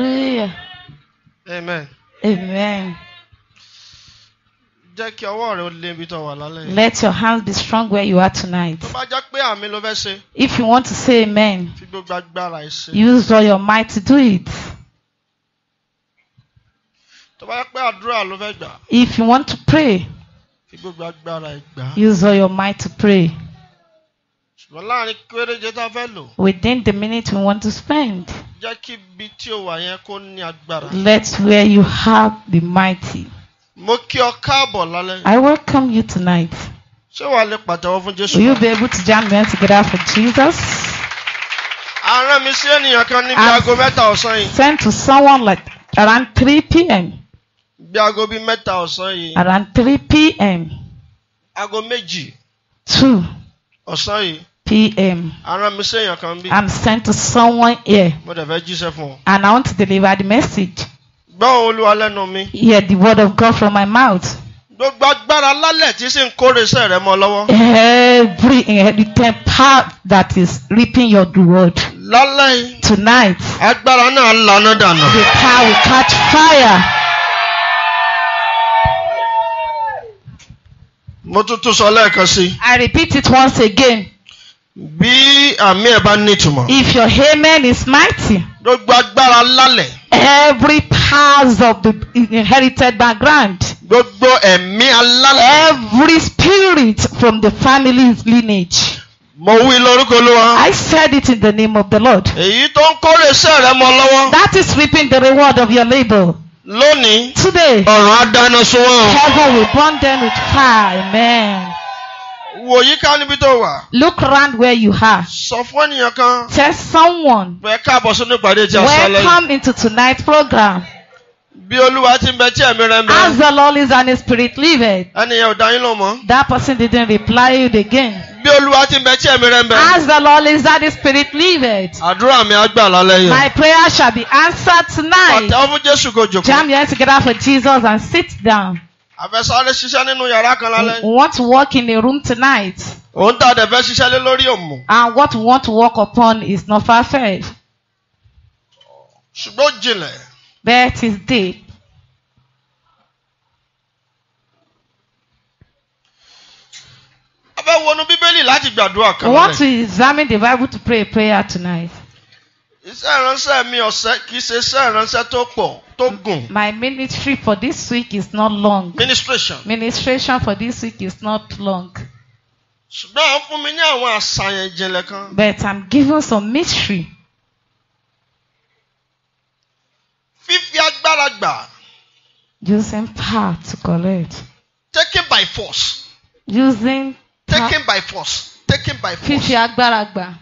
Hallelujah. Amen. Amen. Let your hands be strong where you are tonight. If you want to say amen. Use all your might to do it. If you want to pray. Use all your might to pray. Within the minute we want to spend. jẹ́ kí ibi tí o wà yẹn kó ní agbára. Let where you have the mighty. Mo kí ọ káàbọ̀ lálẹ́. I welcome you tonight. Ṣé wàá lè pàtẹ́wọ́ fún Jésù? Will you be able to jam them together for Jesus? A rán mi sí ènìyàn kan níbi aago mẹ́ta ọ̀sán yìí. Send to someone like around three p.m. Bí aago bíi mẹ́ta ọ̀sán yìí. Around three p.m. Aago méjì. Two. Ọ̀sán yìí p.m. I'm sent to someone here. And I want to deliver the message. Hear the word of God from my mouth. Gbogbo Every inherited power that is reaping your reward. Tonight. The power will catch fire. I repeat it once again. Bí àmì ẹ̀ bá nítumọ̀. If your amen is mighty. Gbogbo agbára lálẹ̀. Every powers of the inherited background. Gbogbo ẹ̀mí alálẹ̀. Every spirit from the family's lineage. Mo wí lórúkọ Olúwa. I said it in the name of the Lord. Èyí tó ń kórè iṣẹ́ rẹ mọ́ lọ́wọ́. That is reaping the reward of your labour. Lónìí. Today. Ọ̀run á dáná sun Heaven will burn them with fire. Amen. Wò yíká níbi tó wà. Look round where you are. Sọ fún ènìyàn kan. Tell someone. Bẹ́ẹ̀ káàbọ̀ sínú ìpàdé tí a Welcome into tonight's program. Bí Olúwa ti ń bẹ tí ẹ̀mí rẹ̀ ń bẹ. As the Lord is and his spirit liveth. Ẹnìyẹn ò dá yín lò That person didn't reply you again. Bí Olúwa ti ń bẹ tí ẹ̀mí rẹ̀ ń bẹ. As the Lord is and his spirit liveth. Àdúrà mi á gbà lálẹ́ yìí. My prayer shall be answered tonight. Pàtẹ́wọ́ fún Jésù kò jòkó. Jam your hands together for Jesus and sit down a ṣiṣẹ́ nínú yàrá kan lálẹ́. we work in the room tonight. òun tá a ṣiṣẹ́ lé lórí òmù. and what we want to work upon is not far-fetched. ṣùgbọ́n jìnlẹ̀. but it's deep. a fẹ́ wọnú bíbélì láti gbàdúrà kan lálẹ́. we want to examine the bible to pray a prayer tonight. iṣẹ́ ìránṣẹ́ mi ọ̀sẹ̀ kì í ṣe iṣẹ́ ìránṣẹ́ tó pọ̀ tó gùn. My ministry for this week is not long. Ministration. Ministration for this week is not long. Ṣùgbọ́n àwọn fún mi ní àwọn àṣàyàn ìjìnlẹ̀ kan. But I'm given some mystery. Fífi agbára gbà. Using power to collect. Taken by force. Using Taken by force. Taken by force. Fífi agbára gbà.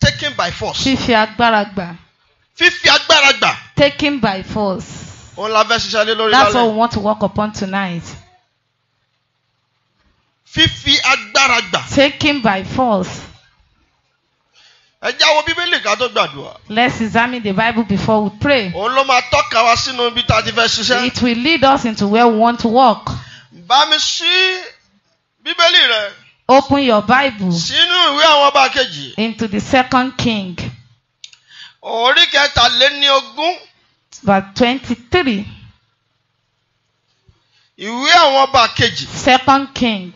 Taken by force. Fífi agbára gbà. Fífi agbára gbà taken by force. That's what we want to work upon tonight. Fífi agbára gbà. Taken by force. Ẹ jáwọ́ Bíbélì ká tó gbàdúrà. Let's examine the Bible before we pray. Òun ló máa tọ́ka wa sínú ibi tá a ti fẹ́ ṣiṣẹ́. It will lead us into where we want to walk. Bá mi ṣí Bíbélì rẹ. Open your Bible. Sínú ìwé àwọn ọba kejì. Into the second king orí kẹtàléníogún. verse twenty-three. ìwé àwọn ọba kejì. second king.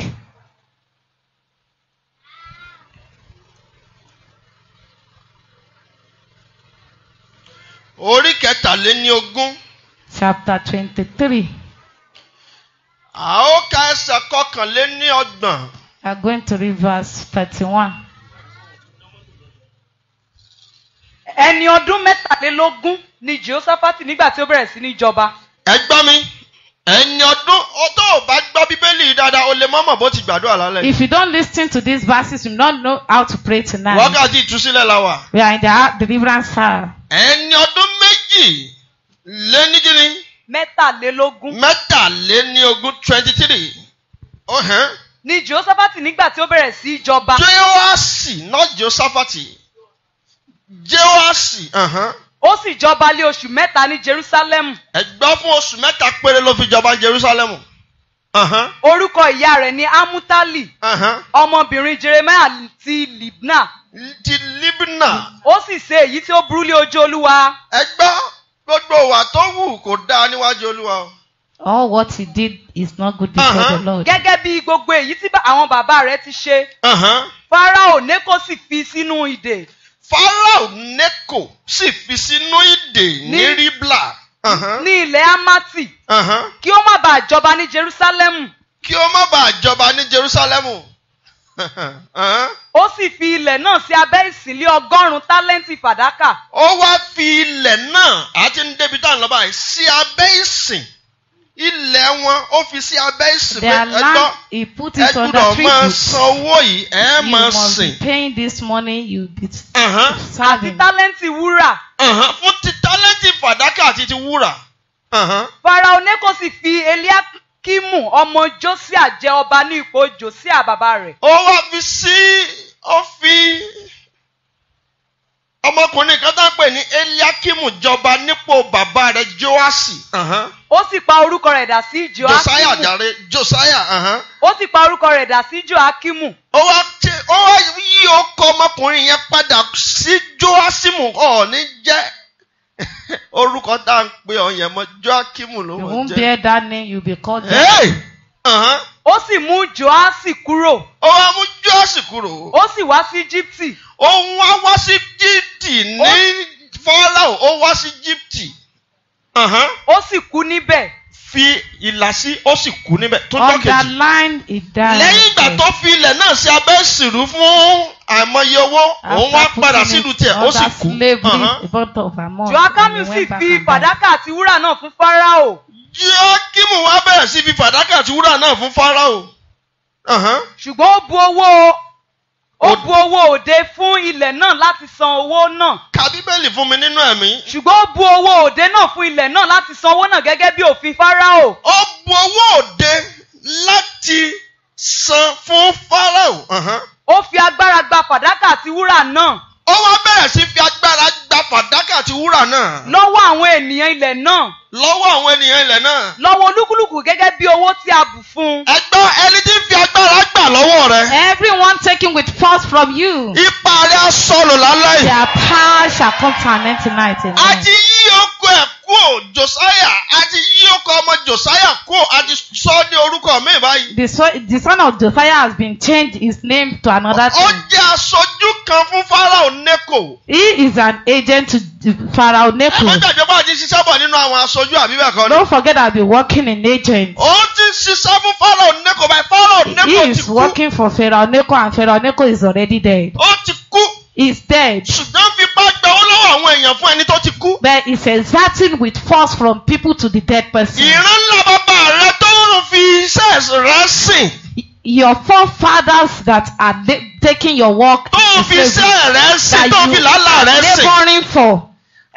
orí kẹtàléníogún. chapter twenty-three. a ó ka ẹsẹ̀ kọkànléníọgbọ̀n. I'm going to read verse thirty-one. ẹni ọdún mẹ́tàlélógún ni Jehoṣafati nígbà tí ó bẹ̀rẹ̀ sí ní jọba. ẹ gbọ́ mi ẹni ọdún tó o bá gbọ́ bíbélì dáadáa o lè mọ̀ bó ti gbàdúrà lálẹ́. if you don't listen to these verses you don't know how to pray tonight. wákàtí ìtúsílẹ̀ la wà. we are in the deliverance hour. ẹni ọdún méjì lé ní kíni. mẹ́tàlélógún. mẹ́tàléníogún twenty three. ni Jehoṣafati nígbà tí ó bẹ̀rẹ̀ sí í jọba. Jehoaṣi not Jehoṣafati. Jehoaṣi. Ó sì jọba lé oṣù mẹ́ta ní Jerusalem. Ẹ̀gbọ́n fún oṣù mẹ́ta péré ló fi jọba Jerusalem. Orúkọ ìyá rẹ̀ ni Amutali. Ọmọbìnrin Jeremiah ti Libna. Ti Libna. Ó sì ṣe èyí tí ó burú lé ojú Olúwa. Ẹ̀gbọ́n gbogbo ìwà tó wù kò dáa níwájú Olúwa All what he did is not good before uh -huh. the Lord. Gẹ́gẹ́ bí gbogbo èyí tí àwọn bàbá rẹ̀ ti ṣe. Fáráò Nékò sì fi sínú ìdè. Pharaoh Neko sì fi sínú ìdè ní Ribla. Ní ilẹ̀ Amati. Kí ó má bàa jọba ní Jerúsálẹ́mù. Kí ó má bàa jọba ní Jerúsálẹ́mù. Ó sì fi ilẹ̀ náà sí abẹ́ ìsìnlé ọgọ́rùn-ún tálẹ́ǹtì fàdákà. Ó wá fi ilẹ̀ náà àti ń débi tá à ń lọ báyìí sí abẹ́ ìsìn ilẹ̀ wọn ó fi sí abẹ́ ìsìn pé ẹgbọ́ ẹ gbúdọ̀ máa san owó yìí ẹ máa sìn. you must be paying this money you be uh-huh. serving. àti tálẹ́ǹtì wúrà. Uh-huh. fún ti tálẹ́ǹtì fàdákà àti ti wúrà. Uh-huh. Fáráò Nékò sì fi Eliakimu ọmọ Josia jẹ ọba ní ipò Josia bàbá rẹ̀. ó wá fi sí ó fi ọmọkùnrin kan tá ń pè ní eliakimu jọba nípò bàbá rẹ̀ joasi. ó sì pa orúkọ rẹ̀ dà sí joakimu. josiah jàre josiah. ó sì pa orúkọ rẹ̀ dà sí joakimu. ó wá ti ó wá yí ọkọ ọmọkùnrin yẹn padà sí joasimu ọ̀ọ́ni jẹ́ orúkọ tá ń pè ọ yẹn mọ joakimu ló wọ́n jẹ́. you won't bear that name you be called. Hey! Uh-huh. ó sì mú joasi kúrò. ó wá mú joasi kúrò. ó sì wá sí Íjíbítì òun wá wá sí Íjíbítì ní Fáráò ó wá sí Íjíbítì. ó sì kú níbẹ̀. fi ìlà sí ó sì kú níbẹ̀ tó jọ́ kejì. underline ìdáhùn. lẹ́yìn ìgbà tó fi ilẹ̀ náà sí abẹ́ ìsìrú fún àìmọye owó òun wá padà sílùú tiẹ̀ ó sì kú. Jòákámù sì fi fàdákà àti wúrà náà fún Fáráò. Jòákímù wá bẹ̀rẹ̀ sí fi fàdákà àti wúrà náà fún Fáráò. ṣùgbọ́n ó bu owó ó bu owó òde fún ilẹ̀ náà láti san owó náà. ka bíbélì fún mi nínú ẹ̀mí. ṣùgbọ́n ó bu owó òde náà fún ilẹ̀ náà láti san owó náà gẹ́gẹ́ bí òfin fáráò. ó bu owó òde láti san fún fáráò. ó fi agbára gba fàdákà àti wúrà náà. ó wá bẹ̀rẹ̀ sí fi agbára gba fàdákà àti wúrà náà. lọ́wọ́ àwọn ènìyàn ilẹ̀ náà. lọ́wọ́ àwọn ènìyàn ilẹ̀ náà. lọ́wọ́ olúkúlùkù gẹ́gẹ́ bí owó tí a bù fún. ẹgbẹ́ ẹni tí ń fi agbára gbà lọ́wọ́ rẹ. everyone taking with force from you. ipa rẹ sọnù lálẹ́ yìí. their power shall come to an end tonight. a ti yí okun ẹ̀ kúò Josiah àti yí ọkọ ọmọ Josiah kúò àti sọ ní orúkọ mi báyìí. The son, the son of Josiah has been changed his name to another thing. Ó jẹ́ aṣojú kan fún Pharaoh Neko. He is an agent to Pharaoh Neko. Ẹ má gbàgbé bá ṣiṣẹ́ bọ̀ nínú àwọn aṣojú àbí bẹ́ẹ̀ kọ́ ni. Don't forget I've been working in agents. Ó ti ṣiṣẹ́ fún Pharaoh Neko by Pharaoh Neko ti kú. He is working for Pharaoh Neko and Pharaoh Neko is already dead. Ó ti kú is dead. ṣùgbọ́n fipá gba owó lọ́wọ́ àwọn èèyàn fún ẹni tó ti kú. but is exerting with force from people to the dead person. ìran ńlá bàbá rẹ tó ń fi iṣẹ́ rẹ sìn. Your forefathers that are taking your work. Tó o fi iṣẹ́ rẹ sí, tó o fi làálàá rẹ sí. That you are labouring for.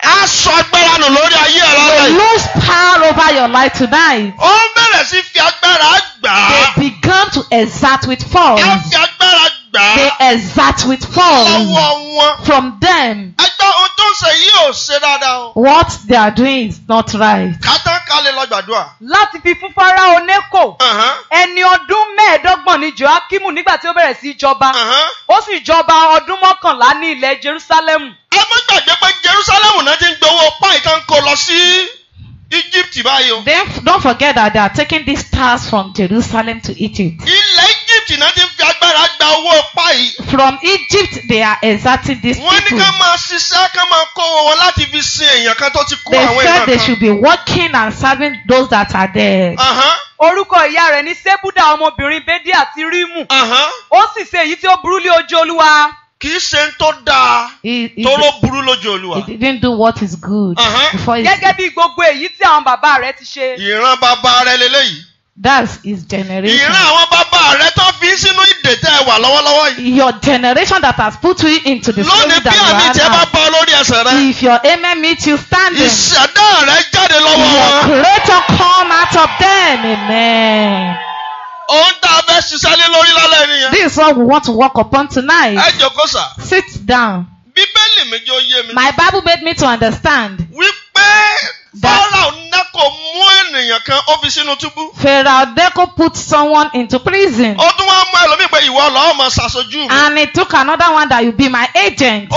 A agbára nù lórí ayé ọ̀rọ̀ rẹ̀. You lose power over your life tonight. Ó bẹ̀rẹ̀ sí fi agbára gbà. They began to exert with force. Ẹ fi agbára gbà gbà they exact with force lọ́wọ́ wọn. from them. ẹgbẹ́ ohun tó ń ṣe yìí ò ṣe dáadáa o. what they are doing is not right. kátán kálẹ̀ lọ gbàdúrà. láti fi fún Fáráò Nékò. Uh-huh. ẹni ọdún mẹ́ẹ̀ẹ́dọ́gbọ̀n ni Jòákímù nígbà tí ó bẹ̀rẹ̀ sí í jọba. Uh-huh. ó sì jọba ọdún mọ́kànlá ní ilẹ̀ Jerúsálẹ́mù. ẹ má gbàgbé pé Jerúsálẹ́mù náà ti ń gbowó páì tán kó lọ sí. Egypt báyìí Then don't forget that they are taking these stars from Jerusalem to Egypt. Egypt náà ti fi agbára gba owó páì. From Egypt they are exacting these people. Wọ́n ní ká máa ṣiṣẹ́ ká máa kó owó láti fi sin èèyàn kan tó ti kó àwọn èèyàn kan. They said they should be working and serving those that are there. Uh-huh orúkọ ìyá rẹ̀ ní sébúdà ọmọbìnrin bédí àti rímù ó sì ṣe èyí tí ó burú lé ojú olúwa. kì í ṣe ń tó dáa tó burú lójú olúwa. he didn't do what is good. gẹ́gẹ́ bí gbogbo èyí tí àwọn bàbá rẹ̀ ti ṣe. ìran bàbá rẹ̀ lélẹ́yìí. That's his generation. Your generation that has put you into the story that you are If your amen meet you standing. Your creator come out of them. Amen. This is what we want to walk upon tonight. Sit down. My Bible made me to understand. Wípé Pharaoh Neko mú put someone into prison. And he took another one that you be my agent.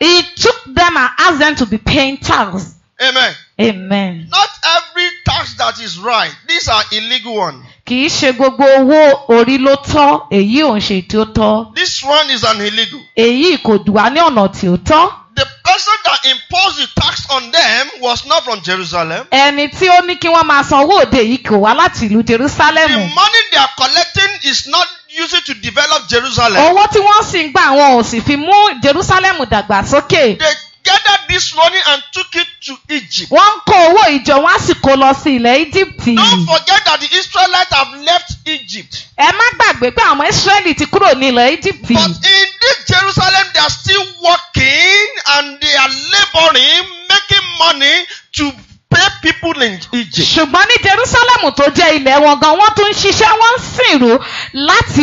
He took them and asked them to be paying tax. Amen. Amen. Not every tax that is right. These are illegal ones. Kì í ṣe gbogbo owó orí ló tọ́, èyí ò ń ṣe tí ó tọ́. This one is an illegal. Èyí kò dùn wá ní ọ̀nà tí ó tọ́ the person that imposed the tax on them was not from Jerusalem. Ẹni tí ó ní kí wọ́n máa sanwó òde yìí kò wá láti ìlú Jerusalem. The money they are collecting is not use to develop Jerusalem. Owó tí wọ́n sì ń gbà wọn ò sì fi mú Jerusalem dàgbà sókè. They gathered this money and took it to Egypt. Wọ́n kó owó ìjọ wọn sì kó lọ sí ilẹ̀ Egypt. Don't forget that the Israelites have left Egypt. Ẹ má gbàgbé pé àwọn Israeli ti kúrò ní ilẹ̀ Egypt. But in this Jerusalem they are still méje. ṣùgbọ́n ní Jerusalem tó jẹ́ ilẹ̀ wọn gan wọ́n tún ń ṣiṣẹ́ wọ́n ń sìnrú láti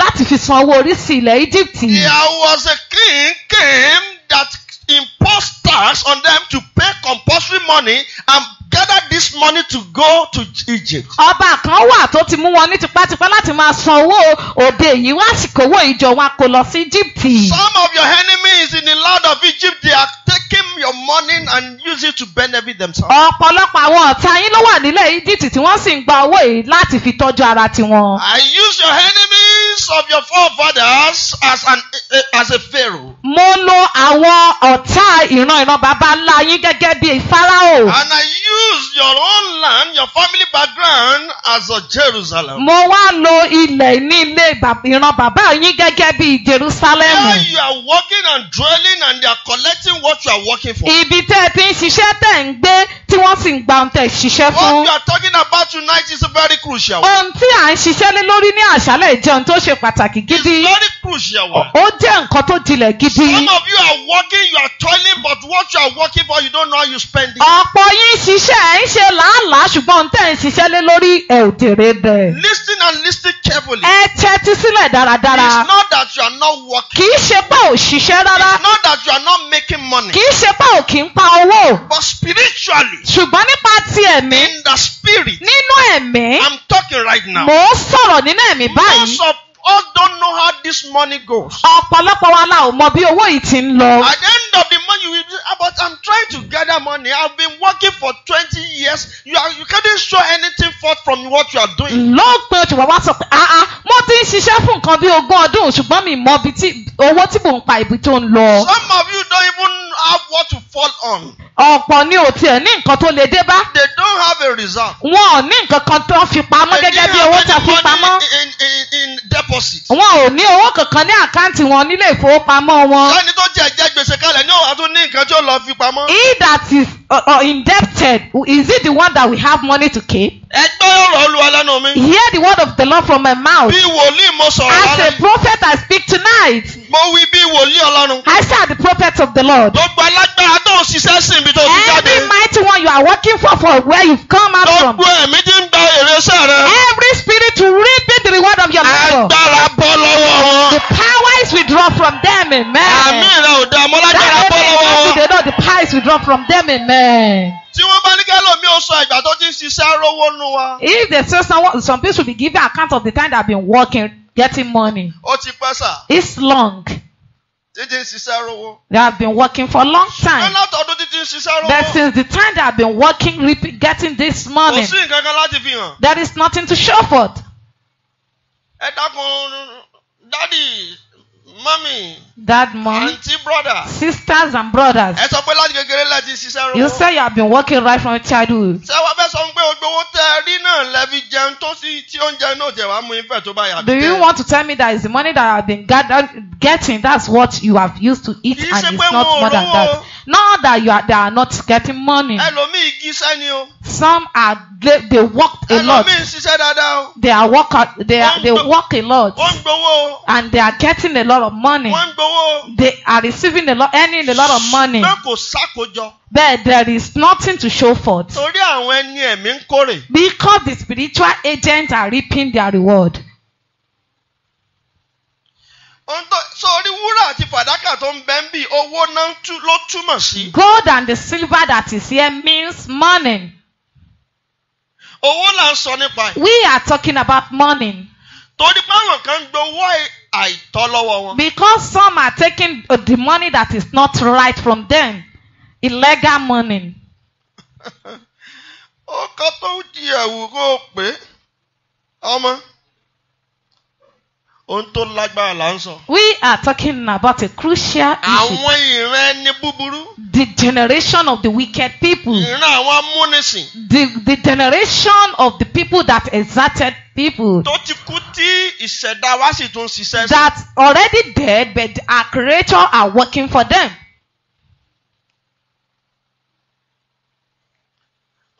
láti fi san owó orí sí ilẹ̀ Egypt. There was a king came that impose tax on them to pay compulsory money and gather this money to go to Egypt. ọba kan wà tó ti mú wọn ní tipátipá láti máa san owó òde yìí wá sì kówó ìjọ wọn kó lọ sí Egypt. some of your enemies in the land of Egypt they are taking your money and use it to benefit themselves. ọ̀pọ̀lọpọ̀ àwọn ọ̀tá yín ló wà nílẹ̀ Egypt tí wọ́n sì ń gba owó yìí láti fi tọ́jú ara tiwọn. I use your enemies enemies of your forefathers as an eh, as a pharaoh. Mo lo àwọn ọ̀tá ìran ìran bàbá ńlá yín gẹ́gẹ́ bí Fáráò. And I use your own land, your family background as a Jerusalem. Mo wá lo ilẹ̀ ní ìran bàbá yín gẹ́gẹ́ bí Jerusalem. Where you are working and dwelling and they are collecting what you are working for. Ibi tẹ́ ẹ ti ń ṣiṣẹ́ tẹ̀ ń gbé tí wọ́n sì ń gba ohun tẹ̀ ṣiṣẹ́ fún. What you are talking about tonight is very crucial. Ohun tí à ń ṣiṣẹ́ lé lórí ní àṣálẹ̀ jẹun tó ṣe ṣe pàtàkì gidi. it's very crucial ó jẹ́ nǹkan tó jinlẹ̀ gidi. some of you are working you are toiling but what you are working for you don't know how you spend it. ọ̀pọ̀ yín ṣiṣẹ́ ń ṣe làálàá ṣùgbọ́n tẹ̀ ń ṣiṣẹ́ lé lórí ẹ̀ ò tèrè bẹ̀. listen and listen carefully. ẹ tẹ́tí sílẹ̀ dáradára. it's not that you are not working. kì í ṣe pé ò ṣiṣẹ́ rárá. it's not that you are not making money. kì í ṣe pé ò kì í pa owó. but spiritually. ṣùgbọ́n nípa ti ẹ̀mí. in the spirit. nínú ẹ̀mí. I'm talking right now. mo ń sọ̀rọ̀ nínú ẹ̀mí báyìí. most of all don't know how this money goes. ọ̀pọ̀lọpọ̀ wa la ò mọ bí owó yìí ti ń lọ. at the end of the month you will be ah, but I'm trying to gather money I've been working for twenty years you are you can't show anything forth from what you are doing. ló pe ojú bàbá sọ pé ah ah mo ti ń ṣiṣẹ́ fún nǹkan bí ogún ọdún ṣùgbọ́n mi mọ ibi tí owó tí mò ń pa ibi tó ń lọ. some of you don't even have what to fall on. ọ̀pọ̀ ni ò tiẹ̀ ní nǹkan tó lè dé bá. they don't have a result. wọn ò ní nǹkan kan tó fi pamọ́ gẹ́gẹ́ bí owó tó fi pamọ́. they didn't have any money in in in debt deposit. wọn ò ní owó kankan ní àkáǹtì wọn nílé ìfowópamọ́ wọn. ẹni tó jẹ jẹ gbèsè kalẹ̀ ní òun àtún ní nǹkan tí ó lọ fi pamọ́. he that is uh, uh, indebted is he the one that we have money to keep. ẹ gbọ́ ọ̀rọ̀ Olúwa lẹ́nu mi. hear the word of the Lord from my mouth. bí wòlíì mo sọ̀rọ̀ lálẹ́. as a prophet I speak tonight. mo wí bí wòlíì Ọlọ́run. I say the prophet of the Lord. gbogbo alágbára tó ń ṣiṣẹ́ sí ibi tó ti jáde. every mighty one you are working for for where you come out from. gbogbo ẹ̀mí ti ń gba èrè rẹ. every spirit reaping the reward of your labor. the power is withdrawn from them amen. Amen. rẹ̀ ò they know the power is withdrawn from them amen. if they say someone some people will be giving account of the time they have been working getting money. it's long. They have been working for a long time. Ṣé But since the time they have been working getting this money. There is nothing to show for it ẹ dákun dádì mọ́mì that month. brother. Sisters and brothers. Ẹ sọ pé láti kékeré lẹ ṣiṣẹ́ rú. You say you have been working right from childhood. Ṣé wàá fẹ́ sọ pé ogbowó tẹ rí náà lẹ́bi jẹun tó sì tí oúnjẹ náà jẹ̀ wá mú ifẹ̀ tó bá yà. Do you want to tell me that it's the money that I have been getting that's what you have used to eat and it's not more than that? Now that you are they are not getting money. Ẹlòmíì gíṣẹ́ ni o. Some are they, they work a lot. Ẹlòmíì ṣiṣẹ́ dáadáa o. They are work they are, they work a lot. Wọ́n gbowó. And they are getting a lot of money. Wọ́n gbowó lówó. They are receiving a lot earning a lot of money. Ṣé kò ṣàkójọ? But there is nothing to show for Torí àwọn ẹni ẹ̀mí ń kórè. Because the spiritual agents are reaping their reward. Ohun wúrà àti fàdákà tó ń bẹ ń bì owó náà ló túmọ̀ sí. Gold and the silver that is here means money. Owó là ń sọ nípa ẹ̀. We are talking about money. Torí pé àwọn kan gbowó àìtọ́ lọ́wọ́ wọn. because some are taking the money that is not right from them illegal money. ọkọ tó ń di ẹ̀wù kó ọmọ ohun tó lágbára là ń sọ. we are talking about a crucial issue. àwọn ìran ẹni búburú. the generation of the wicked people. ìran àwọn amúnisìn. the the generation of the people that exerted people. tó ti kú tí ìṣẹ̀dá wa sì tún ṣiṣẹ́ sí. that already dead but our creator are working for them.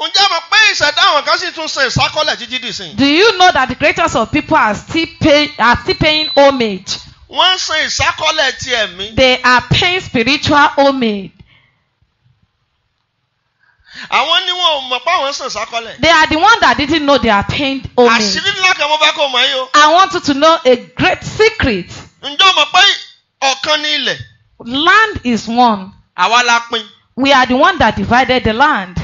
Ǹjẹ́ mọ̀ pé ìṣẹ̀dá àwọn kan sì tún ṣe ìṣákọ́lẹ̀ títí dì sí? Do you know that the creators of people are still, pay, are still paying homage? Wọ́n ṣe ìṣákọ́lẹ̀ ti ẹ̀mí. They are paying spiritual homage. Àwọn ni wọn ò mọ̀ pé àwọn sàn sákọ́lẹ̀. They are the ones that didn't know they are paying homage. Àṣírí ńlá kan mo fẹ́ kó mọ̀ yín o. I want you to know a great secret. Ǹjẹ́ o pé ọ̀kan ni ilẹ̀? Land is one. Àwa la pín. We are the ones that divided the land.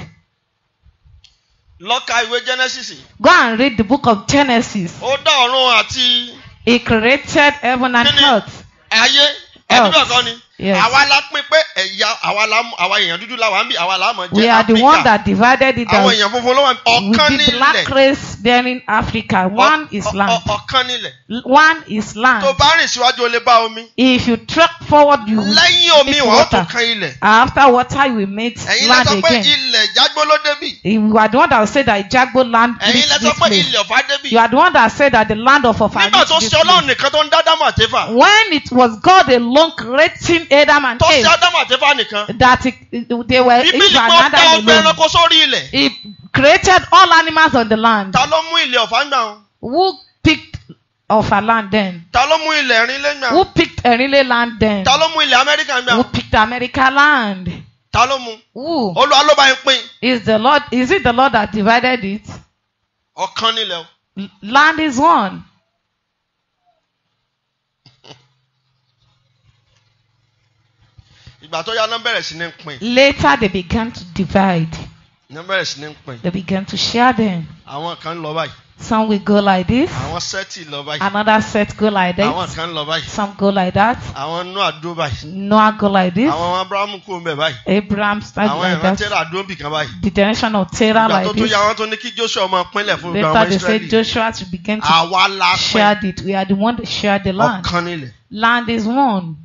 Lọ ìwé Genesis. Go and read the book of Genesis. Ó dá ọ̀run àti. He created heaven and earth. ayé? Ẹni bẹ́ẹ̀ ni. Yes. Àwa la pín pé ẹ̀yà àwa la àwa èèyàn dúdú la wà ń bí àwa la mọ̀ jẹ́ Africa. We are the one that divided it. Àwọn èèyàn funfun ló wà ọ̀kan nílẹ̀. With the black race there in Africa, one is land. Ọ̀kan nílẹ̀. One is land. Tó bá rìn síwájú o lè bá omi. If you trek forward you will meet water. Lẹ́yìn omi wọ́n tún kan ilẹ̀. After water you will meet land again. Ẹ̀yin lẹ sọ pé ilẹ̀ jágbó ló débì. You are the one that said that jágbó land reach this place. Ẹ̀yin lẹ sọ pé ilẹ̀ ọ̀fà débì. You are the one that said that the land of ọ̀fà reach this place. Nígbà tó When it was God alone creating Adam and Eve. Adam àti Eva nìkan. that it, they were Eve and Adam alone. bíbélì kan dá ẹranko sórí ilẹ̀. he created all animals on the land. ta ló mú ilẹ̀ ọ̀fà gbà wọn. who picked ọ̀fà land then. ta ló mú ilẹ̀ Erinle gbà. who picked Erinle land then. ta ló mú ilẹ̀ Amẹ́ríkà gbà. who picked America land. ta ló mú. who. Olúwa ló yín pín. is the Lord is it the Lord that divided it. ọ̀kan nílẹ̀ o. land is one. ìgbà tó yá náà bẹ̀rẹ̀ sí ní pín. later they began to divide. náà bẹ̀rẹ̀ sí ní pín. they began to share them. àwọn kan lọ báyìí. Some will go like this. Àwọn sẹ́ẹ̀tì lọ báyìí. Another set go like that. Àwọn kan lọ báyìí. Some go like that. Àwọn Noah dó báyìí. Noah go like this. Àwọn Abrahamu kò mbẹ báyìí. Abraham start like that. Àwọn ìran Terah dó bì kan báyìí. The generation of Terah like this. Ìgbà tó tó yà wọ́n tó ní kí Joshua máa pínlẹ̀ fún ìgbà wọn Israẹli. Later they say Joshua to begin to share it. We are the one that shared the land. Ọ̀kan nílẹ̀. Land is one.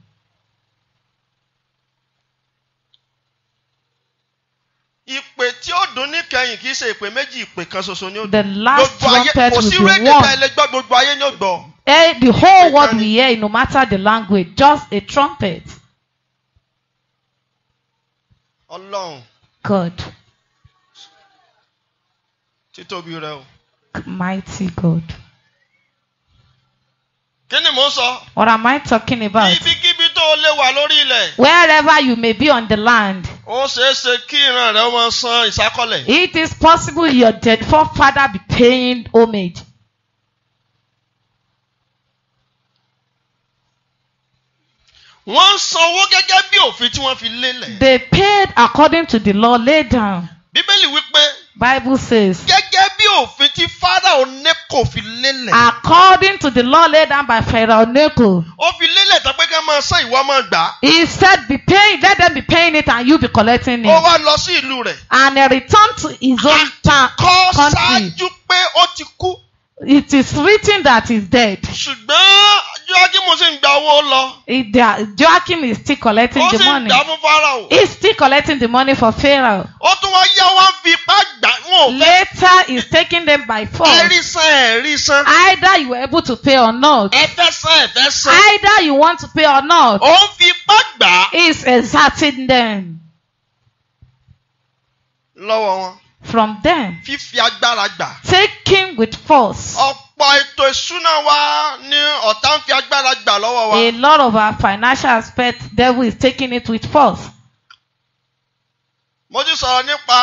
ìpè tí ó dùn níkẹyìn kì í ṣe ìpè méjì ìpè kan ṣoṣo ni ó dùn. the last trumpet will be one. kò sí rédíò ẹlẹgbẹ́ gbogbo ayé ni ó gbọ́. Eh, the whole world will hear no matter the language just a trumpet. ọlọ́run. God. títóbi rẹ o. mighty God. kí ni mò sọ. what am I talking about? ibikíbi tó lè wà lórí ilẹ̀. wherever you may be on the land. ó ṣeé ṣe kí ìran rẹ wọn san ìsákọ́lẹ̀. it is possible your dead forefather be paying homage. wọ́n san gẹ́gẹ́ bí òfin tí wọ́n fi lélẹ̀. they paid according to the law laid down. bíbélì wípé. Bible says. Gẹ́gẹ́ bí òfin tí Pharaoh Neko fi lélẹ̀. According to the law laid down by Pharaoh Neko. Ó fi lélẹ̀ tán pé ká máa san ìwọ máa gbà. He said be paying let them be paying it and you be collecting it. Ó wá lọ sí ìlú rẹ̀. And he returned to his own town country. Àtikọ́ ṣáájú pé ó ti kú. It is written that he is dead. Ṣùgbọ́n Joachim sì ń gba lọ. Joachim is still collecting the money. ó sì ń gbà Pharaoh. he is still collecting the money for Pharaoh. ó tún wá yá wá fi ipá gbà wọn. later he is taking them by force. ẹ̀rí san ẹ̀rí san. either you were able to pay or not. ẹ fẹ́ san ẹ fẹ́ san. either you want to pay or not. ó ń fi ipá gbà. he is exerting them. lọ́wọ́ wọn. from them. fífi agbára gbà. taking with force. ọ̀pọ̀ ọ̀pọ̀ ètò ìṣúná wa ni ọ̀tá ń fi agbára gbà lọ́wọ́ wa. A lot of our financial aspect devil is taking it with force. Mo ti sọ̀rọ̀ nípa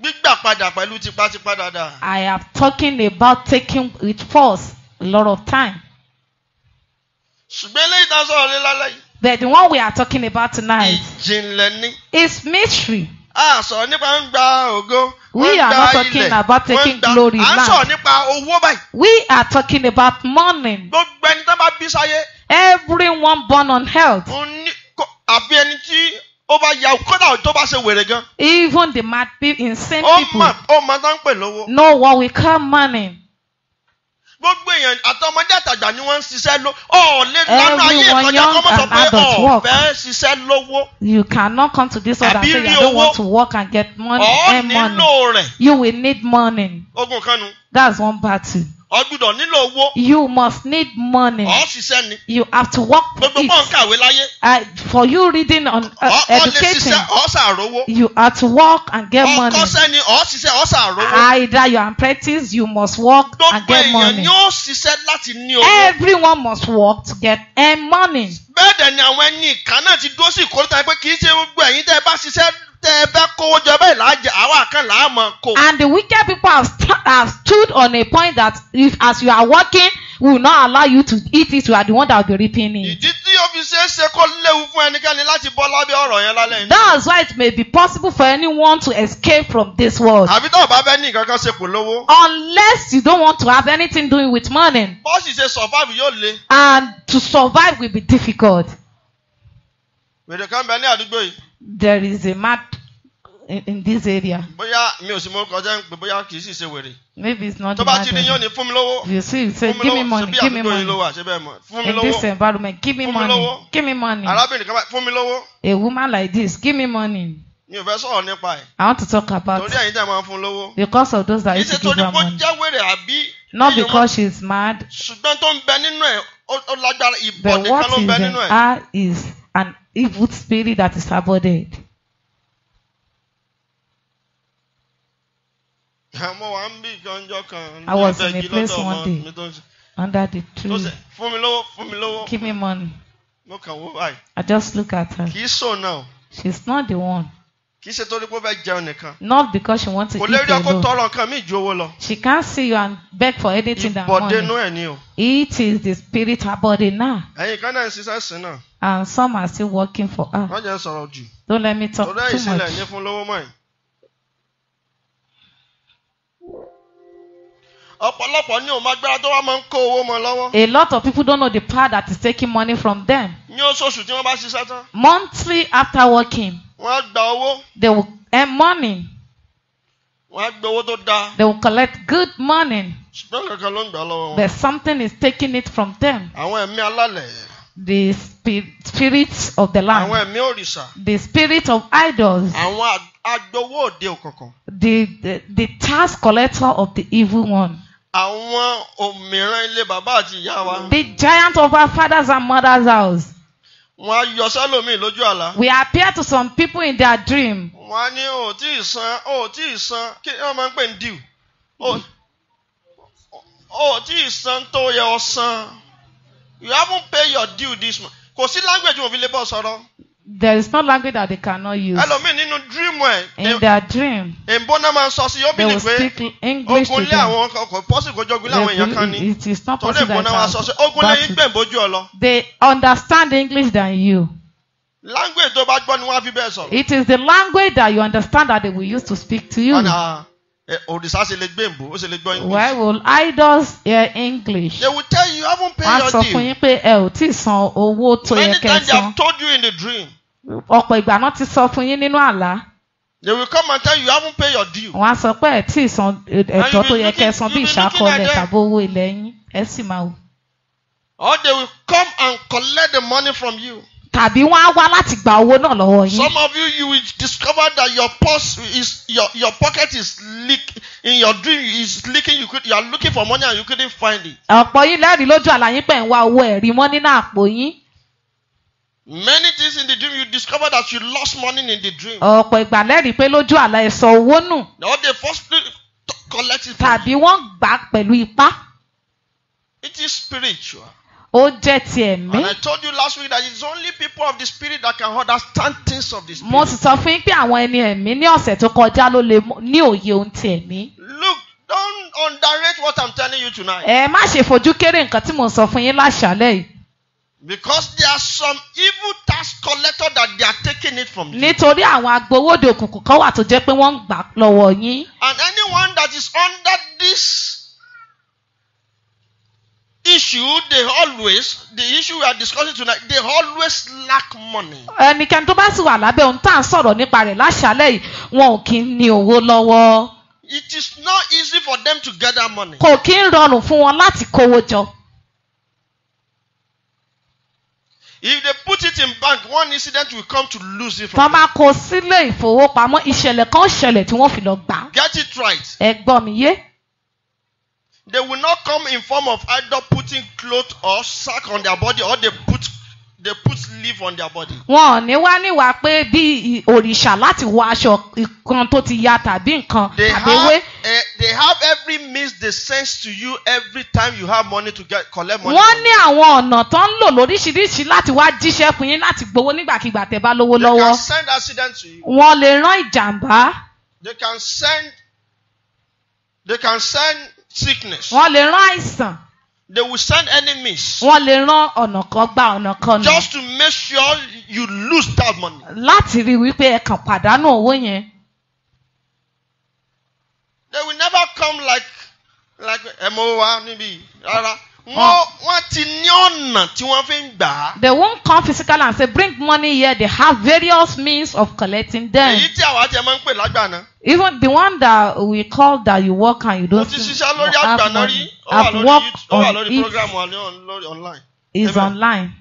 gbígbà padà pẹ̀lú tipátipá dáadáa. I am talking about taking with force a lot of time. Ṣùgbọ́n eléyìí tá a sọ̀rọ̀ lé lálẹ́ yìí. But the one we are talking about tonight. Ìjìnlẹ̀ ni. Is mystery a sọ̀rọ̀ nípa ń gba ògo. we are not talking about taking glory land. we are talking about money. gbogbo ẹni tó bá bí sáyé. everyone born on health. àbí ẹni tí ó bá ya kódà tó bá ṣe wèrè gan. even the mad people insane people. ó mọ̀ ó mọ̀ tán pè lówó. know what we call money gbogbo èèyàn àtọmọdé àtàgbà ni wọ́n ń ṣiṣẹ́ ló ọ̀ọ́lẹ́ lánàá ayé ìkọjá kọ́mọ́ sọ pé ọ̀fẹ́ ṣiṣẹ́ lówó. you cannot come to this order and say you don't want to work and get money. ọ̀ọ́ nílò rẹ̀. you will need money. ogun kanu. that's one battle o gbúdọ̀ nílò owó. you must need money. ọ̀ ṣiṣẹ́ ni. you have to work for it. gbogbo bọ́n kàwé láyé. for you reading on uh, o, educating. ọ̀ ṣàrówó. you have to work and get o, money. ọkọṣẹ́ ni ọ̀ ṣiṣẹ́ ọ̀ ṣàrówó. either you are practice you must work Don't and get money. gbogbo èèyàn ni ó ṣiṣẹ́ láti ní owó. everyone must work to get earn money. bẹ́ẹ̀ dẹ̀ ni àwọn ẹni ìkànnà ti dúró sí ìkórìtà pé kì í ṣe gbogbo ẹ̀yin tẹ́ ẹ bá ṣiṣẹ́ tẹ ẹ fẹ́ kówó jọ bẹ́ẹ̀ láàjẹ àwa kan láàmọ̀ kó. and the wicked people have, st have stood on a point that if as you are working we will not allow you to eat it you are the one that will be reaping it. ìdí tí ó fi ṣeé ṣe kó léwu fún ẹnikẹ́ni láti bọ́ lábẹ́ ọ̀rọ̀ yẹn lálẹ́ yìí. that's why it may be possible for anyone to escape from this world. àbí tó o bá fẹ́ ní nǹkan kan ṣe kò lówó. unless you don't want to have anything doing with money. bọ́ọ̀sì ṣe survive yóò le. and to survive will be difficult. wèrè kan bẹ ní àdúgbò yìí there is a mad in, in this area. bóyá mi ò sì mọ kọjá ń pè bóyá kì í sì ṣe wèrè. maybe it's not the matter. tó bá ti di yóò ní fún mi lówó. you see say give me money give me money in this environment give me money give me money. arábìnrin kan bá fún mi lówó. a woman like this give me money. mi ò fẹ́ sọ̀rọ̀ nípa ẹ̀. I want to talk about. torí ẹ̀yin tẹ̀ máa fún lówó. because of those that used to give her money. kì í ṣe jẹ́ wèrè àbí. not because she is mad. ṣùgbọ́n tó ń bẹ nínú ẹ̀ ó lágbára ìbọ̀dé kan ló ń bẹ nínú ẹ̀. but what is in her is an evil spirit that is abhorred. I was in a place one day under the tree. Give me money. I just look at her. She's not the one kì í ṣe torí pé ó fẹ́ jẹun nìkan. not because she wants to eat alone. kò lè rí ọkọ tọrọ nǹkan mi ju owó lọ. she can't see you and beg for anything that morning. ìbọ̀dé inú ẹ̀ ni o. it is the spirit her body now. ẹ̀yin kan náà ń ṣiṣẹ́ sí náà. and some are still working for her. wọ́n jẹ́ sọ̀rọ̀ jù. don't let me talk too much. torí ìsìnlẹ̀ ní fún lówó mọ́ ẹ̀. ọ̀pọ̀lọpọ̀ ní òun agbára tó wá máa ń kó owó mọ́ lọ́wọ́. a lot of people don't know the power that is taking money from them. ní oṣooṣù tí wọ́n bá ṣiṣẹ́ tán. monthly after working. Wọ́n á gba owó. They will earn money. Wọ́n á gbé owó tó dáa. They will collect good money. Ṣùgbọ́n kankan ló ń gbà lọ́wọ́ But something is taking it from them. Àwọn ẹ̀mí alálẹ̀. The spirits of the land. Àwọn ẹ̀mí òrìṣà. The spirit of idols. Àwọn agbowó òde òkùnkùn. The the the tax collector of the evil one. Àwọn òmìrán ilé bàbá àti ìyá wa. The giant of our fathers and mothers house. Wọ́n á yọ sẹ́lòmíì lójú àlá. We appear to some people in their dream. Wọ́n á ní o tí ì san o tí ì san kí wọ́n máa ń pè ní deal. O tí ì san tó yẹ ọ san. You haven't paid your due this month. Kò sí language mo fi lè bọ̀ sọ̀rọ̀. There is no language that they cannot use. ẹlòmíì nínú dream ẹ. in their dream. èbó náà máa sọ sí yóò bí ni pé ogun it is not possible that I can ogun lé they understand English than you. language tó bá gbọ́ ni wọ́n á fi it is the language that you understand that they will use to speak to you. why will idols hear English. they will tell you I haven't paid your deal. many times they have told you in the dream ọ̀pọ̀ ìgbà náà ti sọ fún yín nínú àlá. They will come and tell you you haven't paid your deal. Wọ́n á sọ pé ẹ̀ tí ì san ẹ̀tọ́ tó yẹ kẹ́ ẹ san bí ìṣàkọọ́lẹ̀ tàbí owó ilẹ̀ yín ẹ sì máa wò. Or they will come and collect the money from you. Tàbí wọ́n á wá láti gba owó náà lọ́wọ́ yín. Some of you you will discover that your purse is your your pocket is leak in your dream is leaking you could you are looking for money and you couldn't find it. Ọ̀pọ̀ yín lẹ́rìí lójú àlá yín pé ń wá owó ẹ̀rí mọ́ nínú àpò yín. Many things in the dream you discover that you lost money in the dream. Ọ̀pọ̀ ìgbà lẹ́rìí pé lójú àlá ẹ sọ owó nù. Now they firstly collect it. Tàbí wọ́n gbà á pẹ̀lú ipá. It is spiritual. Ó jẹ́ ti ẹ̀mí. And I told you last week that it's only people of the spirit that can understand things of the spirit. Mo sì sọ fún yín pé àwọn ẹni ẹ̀mí ní ọ̀sẹ̀ tó kọjá ló lè ní òye ohun ti ẹ̀mí. Look don't underrate what I'm telling you tonight. Ẹ má ṣe fojú kéré nǹkan tí mo sọ fún yín láṣàlẹ̀ yìí. Because there are some evil tax collector that they are taking it from you. Nítorí àwọn agbowódò òkùnkùn kan wà tó jẹ́ pé wọ́n ń gbà lọ́wọ́ yín. And anyone that is under this issue they always the issue we are discussing tonight they always lack money. ẹnikẹ́ni tó bá sì wà lábẹ́ ohun tá à ń sọ̀rọ̀ nípa rẹ̀ láṣálẹ̀ yìí wọn ò kí ń ní owó lọ́wọ́. It is not easy for them to gather money. kò kí ń rọrùn fún wọn láti kówó jọ. If they put it in bank, one incident will come to lose it from. Tọ́ba kó sílé ìfowópamọ́ ìṣẹ̀lẹ̀ kan ṣẹlẹ̀ tí wọ́n fi lọ gbà. Get it right. Ẹ gbọ́ mi yé. They will not come in form of either putting cloth or sack on their body or they put they put leaf on their body. wọn ò ní wá níwà pé bí òrìṣà láti wọ aṣọ kan tó ti ya tàbí nǹkan tàbí ewé. Eh, they have every means they send to you every time you have money to get, collect money. wọ́n ní àwọn ọ̀nà tó ń lò lóríṣiríṣi láti wá jíṣẹ́ fún yín láti gbowó nígbàkigbà tẹ́ bá lówó lọ́wọ́. they can send accident to you. wọ́n lè rán ìjàmbá. they can send they can send sickness. wọ́n lè rán àìsàn. They will send enemies. Wọ́n lè rán ọ̀nà kan gba ọ̀nà kan nù. Just to make sure you lose that money. Láti rí wípé ẹ kàn pàdánù owó yẹn. They will never come like like ẹ̀mọ́ wa níbí rárá wọ́n ti ní ọ̀nà tí wọ́n fi ń gbà á. they won't come physical and say bring money here they have various means of collecting them. èyí tí àwa jẹ máa ń pè lágbàna. even the one that we call that you work and you don't see. mo ti ṣiṣẹ́ lórí àgbàna rí ó wà lórí program wa online. is online.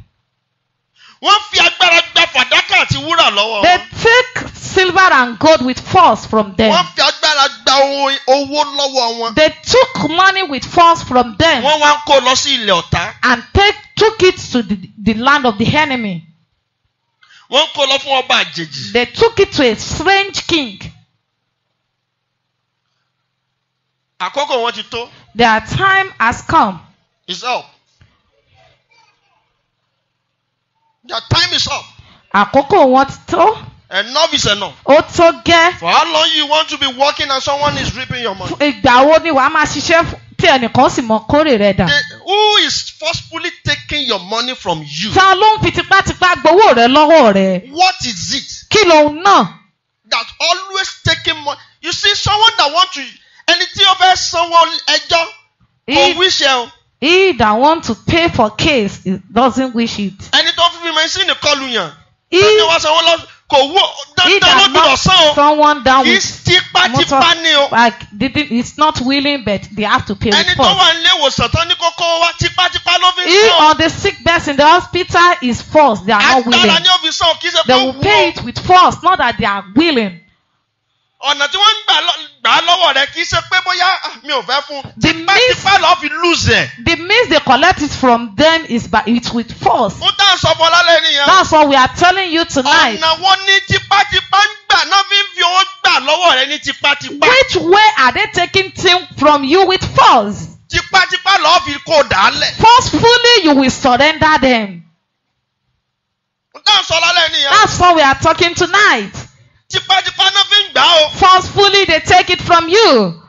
Wọ́n fi agbára gba fàdákà àti wúrà lọ́wọ́. They took silver and gold with force from them. Wọ́n fi agbára gba owó lọ́wọ́ wọn. They took money with force from them. Wọ́n wá kó lọ sí ilẹ̀ ọ̀tá. And take, took it to the, the land of the enemy. Wọ́n kó lọ fún ọba àjèjì. They took it to a strange king. Àkókò wọn ti tó. Their time has come. It's up. Your time is up. Àkókò wọn ti tó. Enough is enough. Ó tó gẹ́. For how long you want to be working and someone is ripping your money? Ìgbà wo ni wàá máa ṣiṣẹ́ tí ẹnìkan sì mọ kórè rẹ dà? Who is forcefully taking your money from you? Ta ló ń fi tipátipá gbowó rẹ lọ́wọ́ rẹ? What is it? Kí lòun náà? That always taking money. You see someone that want to ẹni tí ó fẹ́ sanwó ẹjọ́ kò wíṣẹ́ o. He that want to pay for case doesn't wish it. Ẹni tó fi mẹ́sìnì kọlù yàn. He ẹni wá sanwó lọ kò wó dandan ló dùn ọ̀sán o. someone down with tipátipá ni o. didn't is not willing but they have to pay with force. ẹni tó wà nílé ìwòsàn tán ní kókó wa tipátipá ló fi sàn. he or the sick person in the hospital is forced they are not willing. agbára ni ó fi sàn kì í ṣe pé wú they will pay it with force not that they are willing ọ̀nà tí wọ́n gbà á lọ́wọ́ rẹ̀ kì í ṣe pé bóyá ah, mi ò fẹ́ fún un. the means tipẹ́ lọ́ọ́ lose ẹ̀. the means they collect it from them is by it with force. ó dá sọ nìyẹn. that's what we are telling you tonight. ọ̀nà wo ni tipátipá ń gbà náà fi ń fi owó gbà lọ́wọ́ rẹ̀ ní tipátipá. which way are they taking things from you with force? tipátipá lọ́ọ́ fi kó dàálẹ̀. forcefully you will surrender them. ó dá sọ nìyẹn. that's what we are talking tonight tipátipá náà fi ń gbà o. forcefully they take it from you.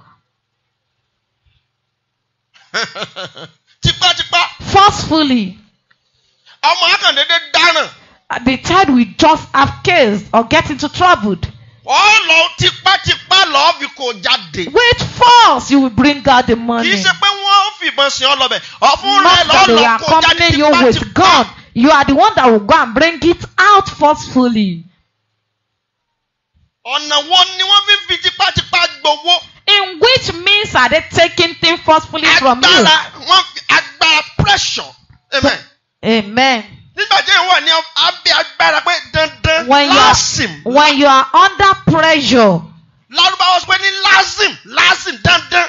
tipátipá. forcefully. ọmọ akàndéédé dáràn. Uh, the child will just have case or get into trouble. Ó lọ tipátipá lọ́ọ́ fi kò jáde. With force you will bring out the money. Kì í ṣe pé wọ́n fìbọn sí ọ lọ́bẹ̀. Ọ̀fun rẹ̀ lọ́ọ́ lọ kò jáde tipátipá. Master they accompany you with God. You are the one that will go and bring it out forcefully ọ̀nà wo ni wọ́n fi ń fi tipátipá gbowó. in which means are they taking things forcefully from you. agbára wọ́n fi agbára pressure amen. amen. nígbà tí ìwọ ni abẹ́ agbára pé dandan lásìm. when you are under pressure. lárúbáwọ̀ pé ní lásìm lásìm dandan.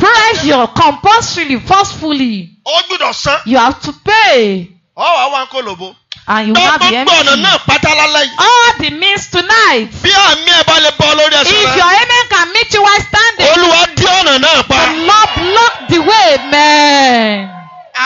pressure compulsorily forcefully. ó gbúdọ̀ san. you have to pay. ọ̀wá wa ń kó lóbo. And you have the empty. All the means tonight. Bí àmì ẹ̀ bá lè bọ́ lórí ẹ̀sùn rẹ. If your amen can meet you while standing. Olúwa dí ọ̀nà náà pa. The Lord block the way, man.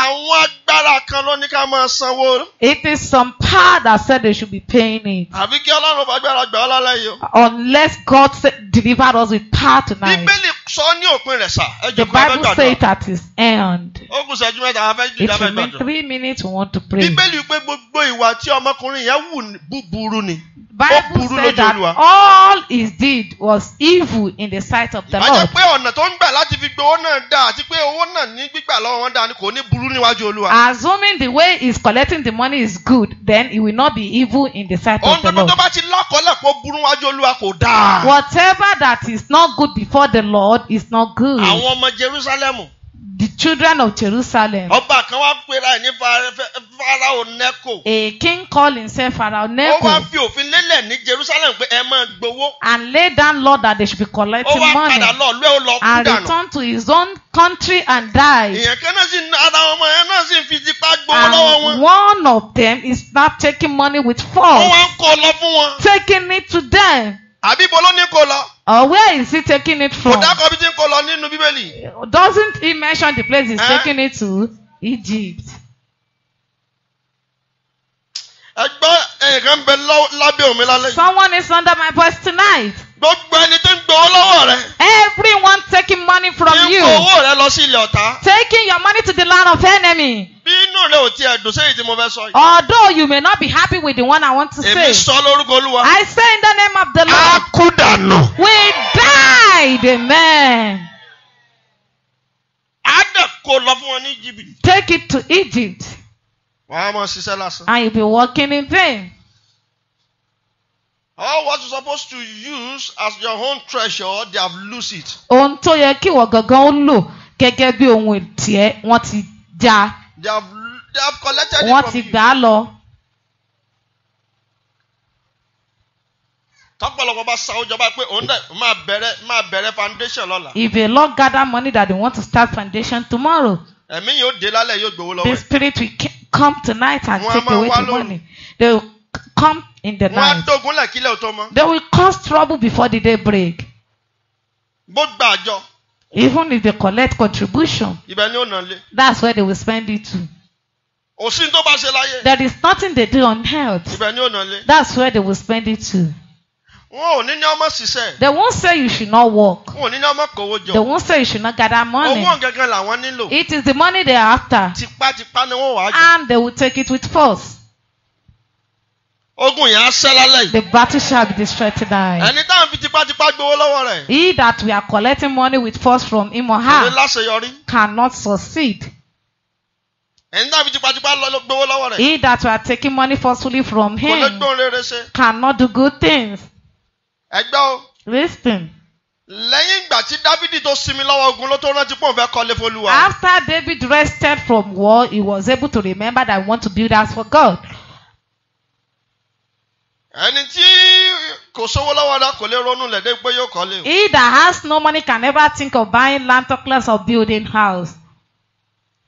Àwọn agbára kan ló ní ká máa sanwó. It is some power that said they should be paying it. Àbí kí Ọlọ́run bá gbára gbà ọ́ lálẹ́ yìí Unless God delivered us with power tonight. Bíbélì sọ ní òpin rẹ̀ sà. the bible says at his end. ó kù sẹ́jú mẹ́ta a fẹ́ jù dábẹ́ gbàdúrà. it will be three minutes we want to pray. bíbélì pé gbogbo ìwà tí ọmọkùnrin yẹn wù búburú ni. bible says that all his deed was evil in the sight of the Lord. ìbájẹ́ pé ọ̀nà tó ń gbà láti fi gbowó náà dá àti pé owó náà ní gbígbà lọ́wọ́ wọn dá ni kò ní burú níwájú olúwa. assuming the way he is collecting the money is good then it will not be evil in the sight of the Lord. ohun tó bá ti lákọ̀ọ́lẹ̀ kó burú níwájú olúwa kò dáa. whatever that is not good before the Lord. God is not good. Àwọn ọmọ Jerusalem. The children of Jerusalem. Ọba kan wá pera ẹ̀ Farao Neko. A king called himself Farao Neko. Ó wá fi òfin lélẹ̀ ní Jerusalem pé ẹ máa gbowó. And lay down law that they should be collecting money. Ó wá padà lọ lé ó lọ kú dànù. And return to his own country and die. Ìyẹn náà sì ara ọmọ yẹn náà sì fi tipa gbowó lọ́wọ́ wọn. And one of them is now taking money with force. Ó wá ń kó lọ fún wọn. Taking it to them. Àbí bolo ni kó lọ. where is he taking it from? Kò dákọ̀ bí tí ń kó lọ nínú Bíbélì. Doesn't he mention the place he's eh? taking it to? Egypt. Ẹgbẹ́ ẹ̀yìn kan bẹ lábẹ́ òmi lálẹ́ Someone is under my voice tonight. Gbogbo ẹni tó ń gbowó lọ́wọ́ rẹ. Everyone taking money from you. Ní owó rẹ lọ sí ilẹ̀ ọ̀tá. Taking your money to the land of enemy. Bí inú rẹ ò tiẹ̀ dùn sẹ́yìn tí mo fẹ́ sọ yìí. Although you may not be happy with the one I want to say. Èmi sọ lórúkọ Olúwa. I say in the name of the Lord. A We died, amen. Á lọ fún wọn ní Egypt. Take it to Egypt. Wàá mọ̀ ṣiṣẹ́ lásán. And you be working in vain. All what you supposed to use as your own treasure, they have lost it. Ohun tó yẹ kí ìwọ gangan ó lò gẹ́gẹ́ bí ohun ìtìẹ́ wọ́n ti já. They have they have collected it from you. Wọ́n ti gbà á lọ. tọ́pọ̀lọpọ̀ bá sa ọjọ́ pé òun náà máa bẹ̀rẹ̀ máa bẹ̀rẹ̀ foundation lọ́la. If a Lord gather money that they want to start foundation tomorrow. Ẹ̀mí yóò dé lálẹ́ yóò gbowó lọ́wọ́. The spirit will come tonight and take away the money. They will come in the night. They will cause trouble before the day break. Even if they collect contribution. That's where they will spend it to. Òsín There is nothing they do on earth. That's where they will spend it to. They won't say you should not work. They won't say you should not gather money. It is the money they are after. And they will take it with force. Ogun yẹn á ṣẹ́ lálẹ́ yìí. The battle shall be destroyed tonight. Ẹni tá à ń fi tipátipá gbowó lọ́wọ́ rẹ̀. He that we are collecting money with force from him or her. Kò lè Cannot succeed. Ẹni tá à ń fi tipátipá gbowó lọ́wọ́ rẹ̀. He that we are taking money forcefully from him. Kò lè gbóhùn rere ṣe. Cannot do good things. Ẹgbẹ́ o. Listen. Lẹ́yìn ìgbà tí Dávidi tó sinmi lọ́wọ́ ogun ló tó rántí pòun fẹ́ kọ́lé f'Olúwa. After David rested from war, he was able to remember that he want to build house for God ẹni tí kò sówó lọ́wọ́ rẹ̀ kò lè ronú lẹ̀ pé yóò kọ́lé. he that has no money can never think of buying land surplus or building house.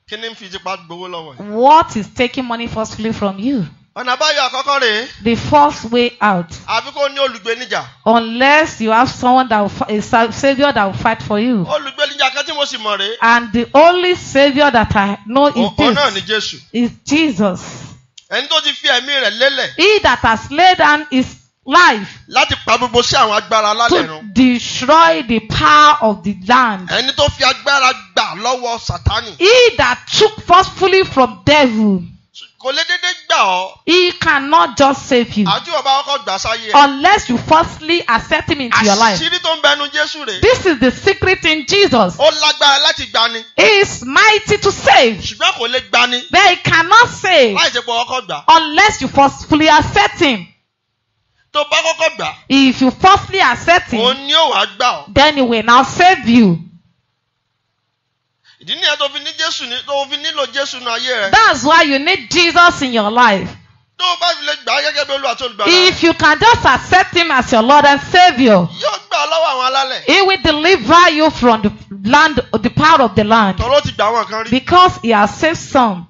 kí ni fi tipa gbowó lọ́wọ́ yìí. what is taking money forcefully from you. ọ̀nà àbáyọ àkọ́kọ́ rèé. the first way out. àfi kó ní olùgbé níjà. unless you have someone that will, a saviour that will fight for you. olùgbé níjà kan tí mo sì mọ̀ rèé. and the only saviour that I know is this. òun náà ni Jésù. is Jesus ẹni tó ti fi ẹ̀mí rẹ̀ lélẹ̀. he that has laid down his life. láti pa gbogbo sí àwọn agbára alálẹ̀ run. to destroy the power of the land. ẹni tó fi agbára gbà lọ́wọ́ sátánì. he that took forcefully from devil kò lè dédé gbà ọ́. he cannot just save you. àti ọba ọkọ gbà sáyé unless you firstly accept him into your life. àṣírí tó ń bẹnu Jésù rè. this is the secret in Jesus. ó lágbára láti gbani. he is mighty to save. ṣùgbọ́n kò lè gbani. but he cannot save. láì ṣe pé ọkọ gbà. unless you firstly accept him. tó bá kọ́kọ́ gbà. if you firstly accept him. òun ni ó wàá gbà ọ́. then he will now save you ìdí nìyẹn tó fi ní Jésù ní tó fi nílò Jésù ní ayé rẹ. that's why you need Jesus in your life. tó o bá fi gbà gẹ́gẹ́ bí Olúwa tó gbà if you can just accept him as your Lord and Saviour. yóò gbà lọ́wọ́ àwọn alálẹ̀. he will deliver you from the land the power of the land. tọ́lọ́ ti gbà àwọn kan rí. because he has saved some.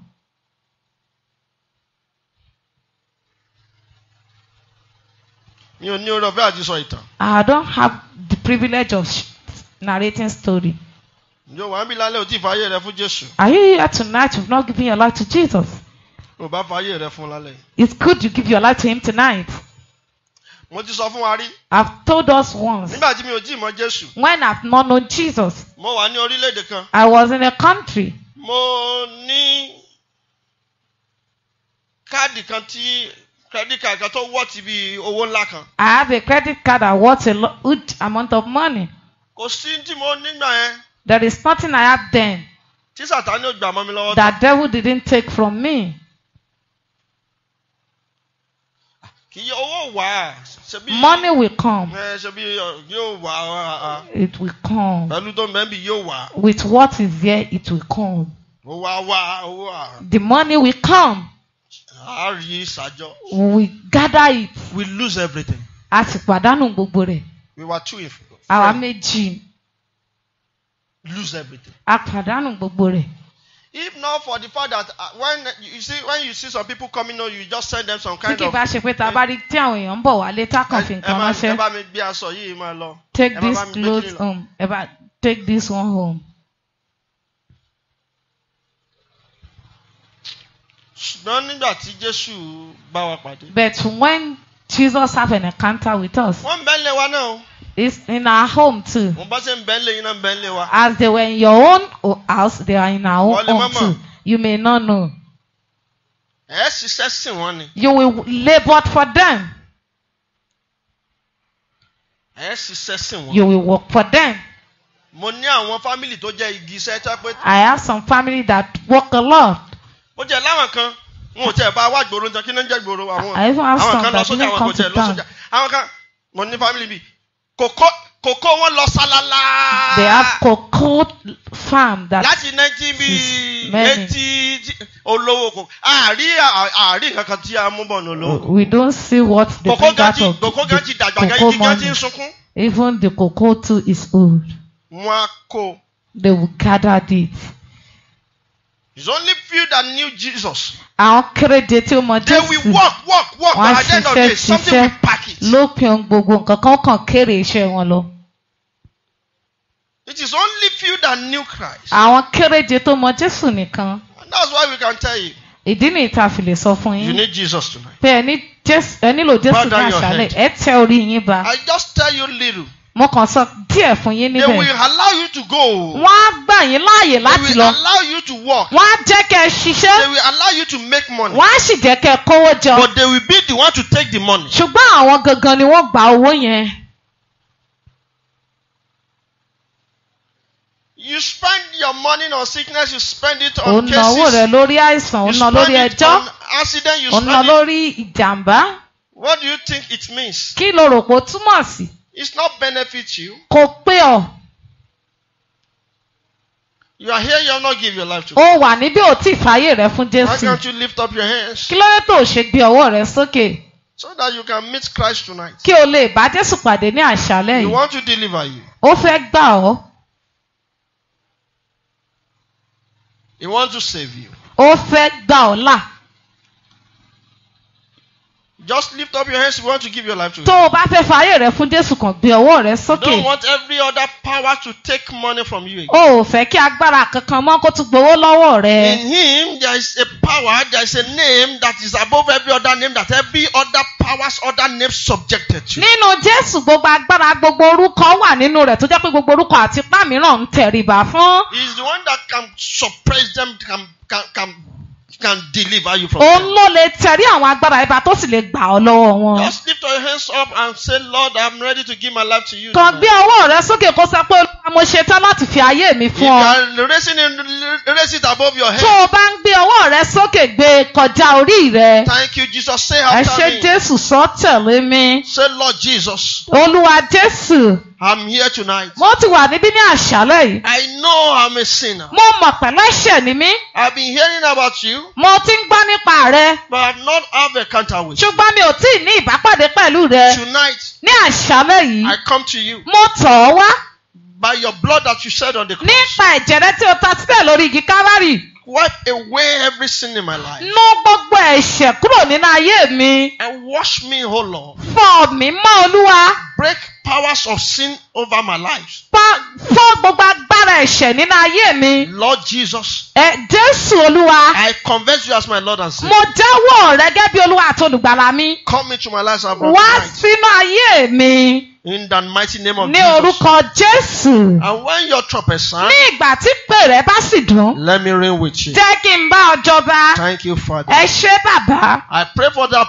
mi ò ní oore ọ̀fẹ́ àti sọ ìtàn. I don't have the privilege of narrating story. Are you here tonight you've not given your life to Jesus? It's good you give your life to him tonight. Mo ti sọ fún wa rí. I've told us once. Nígbà tí mi ò tí ì Jésù. When I've not known Jesus. Mo wà ní orílẹ̀-èdè kan. I was in a country. Mo ní káàdì kan tí credit card kan tó wọ́ọ̀tì bí owó ńlá kan. I have a credit card that worth a good amount of money. Kò sí tí mo nígbà yẹn. There is nothing I had then. That devil didn't take from me. Money will come. Uh, uh, uh, it will come. With what is there, it will come. The money will come. We gather it. We lose everything. A sì pàdánù gbogbo rẹ̀. We were two Our Àwa méjì lose everything. a pàdánù gbogbo rẹ̀. If not for the fact that uh, when uh, you see when you see some people coming on, you just send them some kind of. Tí kì bá ṣe pé tá bá rí tí àwọn èèyàn ń bọ̀ wálé tá a fi nǹkan ránṣẹ́. Ẹ bá mi gbé aṣọ yìí máa lọ. Take this cloth home. Ẹ bá take this one home. Ṣùgbọ́n nígbà tí Jésù bá wa pàdé. But when Jesus have an encounter with us. Wọ́n bẹ́ẹ̀ lé wa náà. It's in our home too. As they were in your own house, they are in our own home too. You may not know. You will labor for them. You will work for them. I have some family that work a lot. wọn ò tẹ ẹ bá wá gbòòrò jẹ kí ní jẹ gbòòrò àwọn àwọn kan lọ sójà àwọn kò tẹ lọ sójà àwọn kan mo ní family bíi kòkó kòkó they have cocoa farm that. láti nineteen bíi eighty olówó kò àárí àárí kankan tí a mú bọ̀ ní olówó. we don't see what the cocoa gati cocoa gati dàgbà gati gati sunkún. even the cocoa too is old. wọn á kó. they will gather it. it's only few that knew Jesus àwọn kírèdìtì ọmọ jésù wọ́n ṣiṣẹ́ ṣiṣẹ́ lópin gbogbo nǹkan kan kàn kéré iṣẹ́ wọn lọ. It is only few that knew Christ. Àwọn kéréje tó mọ Jésù nìkan. And that's why we can tell you. Ìdí ni ìta fi sọ fún yín. You need Jesus tonight. Bẹ́ẹ̀ ni ẹ nílò Jésù ní àṣálẹ̀ ẹ tẹ orí yín ba. I just tell you little. Mo kàn sọ díẹ̀ fún yín níbẹ̀. They will allow to go. Wọ́n á gbà yín láàyè láti lọ. They will allow you to work. Wọ́n á jẹ́ kẹ́ ẹ ṣiṣẹ́. They will allow you to make money. Wọ́n á sì jẹ́ kẹ́ ẹ kówó jọ. But they will be the one to take the money. Ṣùgbọ́n àwọn gangan ni wọ́n gba owó yẹn. You spend your money on sickness, you spend it on cases. Ònàwó rẹ̀ lórí àìsàn, ònà lórí ẹjọ́. You spend it on accident, you spend it. Ònà lórí ìjàmbá. What do you think it means? Kí lo rò pé túmọ̀ sí? It's not benefit you. Kò pé ọ. You are here, you have not given your life to God. Ó wà níbí ò tí ì fàyè rẹ fún Jésù. Why can't you lift up your hands? Kí ló dé tó o ṣe gbé ọwọ́ rẹ sókè? So that you can meet Christ tonight. Kí o lè bá Jésù pàdé ní àṣálẹ́ yìí. He want to deliver you. Ó fẹ́ gbà ọ́. He want to save you. Ó fẹ́ gbà ọ́ là. Just lift up your hands if you want to give your life to him. Tó o bá fẹ́ fààyè rẹ fún Jésù kan gbé ọwọ́ rẹ sókè. Don't want every other power to take money from you again. O ò fẹ́ kí agbára kankan mọ́ kó tún gbowó lọ́wọ́ rẹ. In him there is a power there is a name that is above every other name that every other powers other name subjected to. Nínú Jésù gbogbo agbára gbogbo orúkọ wà nínú rẹ̀ tó jẹ́ pé gbogbo orúkọ àti ipá mìíràn ń tẹríba fún. He is the one that can suppress them can can can deliver you from. Òun ló lè tẹ̀rí àwọn agbára ibà tó sì lè gbà ọ́ lọ́wọ́ wọn. Just lift your hands up and say Lord I'm ready to give my life to you. Kàn gbé ọwọ́ rẹ sókè kó sọ pé Olúwa mo ṣetán láti fi ayé mi fún ọ. You can raise it, raise it above your head. Tó o bá ń gbé ọwọ́ rẹ sókè gbé e kọjá orí rẹ. Thank you Jesus say after me. Ẹ ṣé Jésù sọ tẹ̀lé mi. Say Lord Jesus. Olúwa Jésù. I'm here tonight. Mo ti wà níbí ní àṣálẹ̀ yìí. I know I'm a sinner. Mo mọ̀ pẹ̀lú ẹ̀ṣẹ̀ ni mí. I've been hearing about you. Mo ti ń gbọ́ nípa rẹ. But I've not had a counter with. Ṣùgbọ́n mi ò tí ì ní ìbápàdé pẹ̀lú rẹ. Tonight. Ní àṣálẹ̀ yìí. I come to you. Mo tọ̀ ọ́ wá. By your blood that you shed on the cross. Nípa ẹ̀jẹ̀ rẹ tí o ta sílẹ̀ lórí igi Kávárì wipe away every sin in my life. Nú gbogbo ẹ̀ṣẹ̀ kúrò nínú ayé mi. And wash me, O Lord. Fọ̀ mí mọ́ Olúwa. Break powers of sin over my life. Fọ́ gbogbo agbára ẹ̀ṣẹ̀ nínú ayé mi. Lord Jesus. Ẹ Jésù Olúwa. I convert you as my Lord and Savior. Mo jẹ́wọ́ rẹ gẹ́gẹ́ bí Olúwa àti olùgbàlà mi. Come into my life as I brought you tonight. Wá sínú ayé mi. In the mighty name of Jesus. Ní orúkọ Jésù. And when your trumpet sound. Ní ìgbà tí pèrè bá sì dùn. Let me ring with you. Jẹ́ kí n bá ọ jọba. Thank you Father. Ẹ ṣé bàbá. I pray for that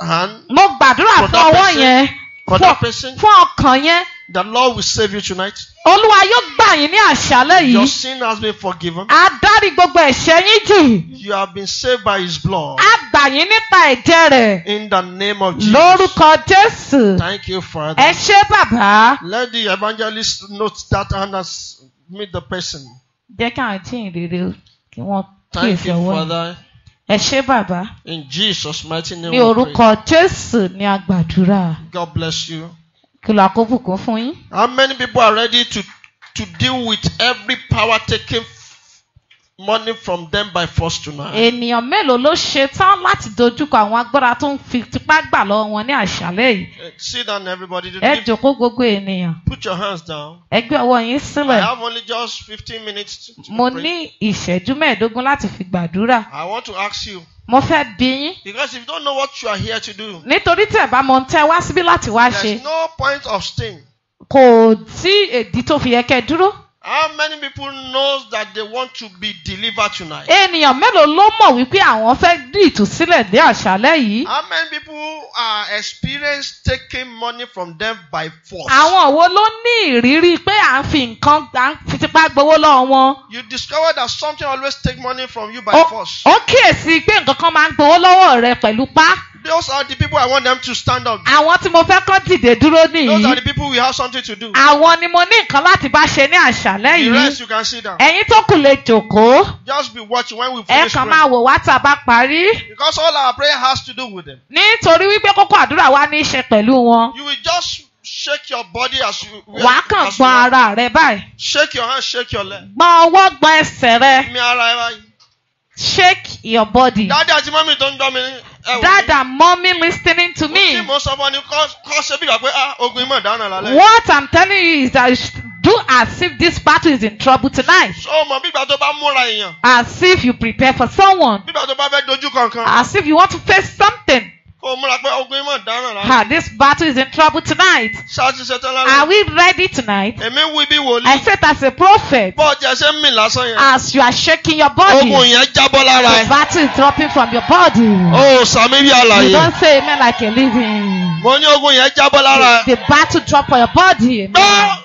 hand. Mo gbàdúrà fún ọwọ́ yẹn. For that person. Fún ọkàn yẹn. The Lord will save you tonight. Olúwa yóò gbà yín ní àṣálẹ́ yìí. Your sin has been forgiven. A dárí gbogbo ẹ̀ṣẹ̀ yín jì. You have been saved by his blood. A gbà yín nípa ẹ̀jẹ̀ rẹ̀. In the name of Jesus. Lórúkọ Jésù. Thank you Father. Ẹ ṣé bàbá. Let the evangelist note that and as meet the person. Jẹ́ kí àwọn tí ìrere kí wọ́n kíyèsí ọwọ́. Thank you Father. Ẹ ṣé bàbá. In Jesus' mighty name we pray. Ní orúkọ Jésù ni a gbàdúrà. God bless you. Kìlọ̀ àkóbùkún fún yín. How many people are ready to to deal with every power taking money from them by force tonight. ènìyàn mélòó ló ṣetán láti dojúkọ àwọn agbára tó ń fi tipá gbà lọ wọn ní àṣálẹ́ yìí. Eh, sit down everybody. ẹ jòkó gbogbo ènìyàn. put your hands down. ẹ ọwọ́ yín sílẹ̀. I have only just fifteen minutes to, to pray. mo ní ìṣẹ́jú mẹ́ẹ̀ẹ́dógún láti fi gbàdúrà. I want to ask you. Mo fẹ́ bí yín. Because if you don't know what you are here to do. Nítorí tẹ́ bá mọ̀ tẹ́ wá síbí láti wá ṣe. There is no point of staying. Kò sí èdí tó fi yẹ kẹ́ dúró. How many people knows that they want to be delivered tonight? Ènìyàn mélòó ló mọ̀ wípé àwọn fẹ́ rí ìtúsílẹ̀ dé àṣálẹ́ yìí? How many people are experienced taking money from them by force? Àwọn wo ló ní ìrírí pé à ń fi nǹkan à ń fipá gbowó lọ́wọ́ wọn? You discovered that something always take money from you by force. Ó kíyèsí pé nǹkan kan máa ń gbowó lọ́wọ́ rẹ pẹ̀lú pá. Those are the people I want them to stand up. Àwọn tí mo fẹ́ kọ́ dìde dúró nìyí. Those are the people we have something to do. Àwọn ni mo ní nǹkan láti bá ṣe ní àṣálẹ́ yìí. The rest you can sit down. Ẹ̀yin tó kù lè jókòó. Just be watching when we finish praying. Ẹ kàn máa wò wá tá a bá parí. Because all our prayer has to do with them. Nítorí wípé kókó àdúrà wa ní í ṣe pẹ̀lú wọn. You will just shake your body as you. wàá kàn gbọ́n ara rẹ báyìí. shake your hand shake your leg. gbọ́n ọwọ́ gbọ́n ẹsẹ̀ rẹ. mi ara ẹ báyìí. shake your body. dáadáa tí mọ́mí tó ń gbọ́ mi Dad eh, and mommy listening to me. Ah, What I'm telling you is that do as if this battle is in trouble tonight. As if you prepare for someone. As if you want to face something. Kó Ah, this battle is in trouble tonight. Are we ready tonight? Èmi wí bí wòlíì. I said as a prophet. As you are shaking your body. The battle is dropping from your body. Oh, sàmì bí You don't say amen like a living. Mo The battle drop from your body. Gbọ́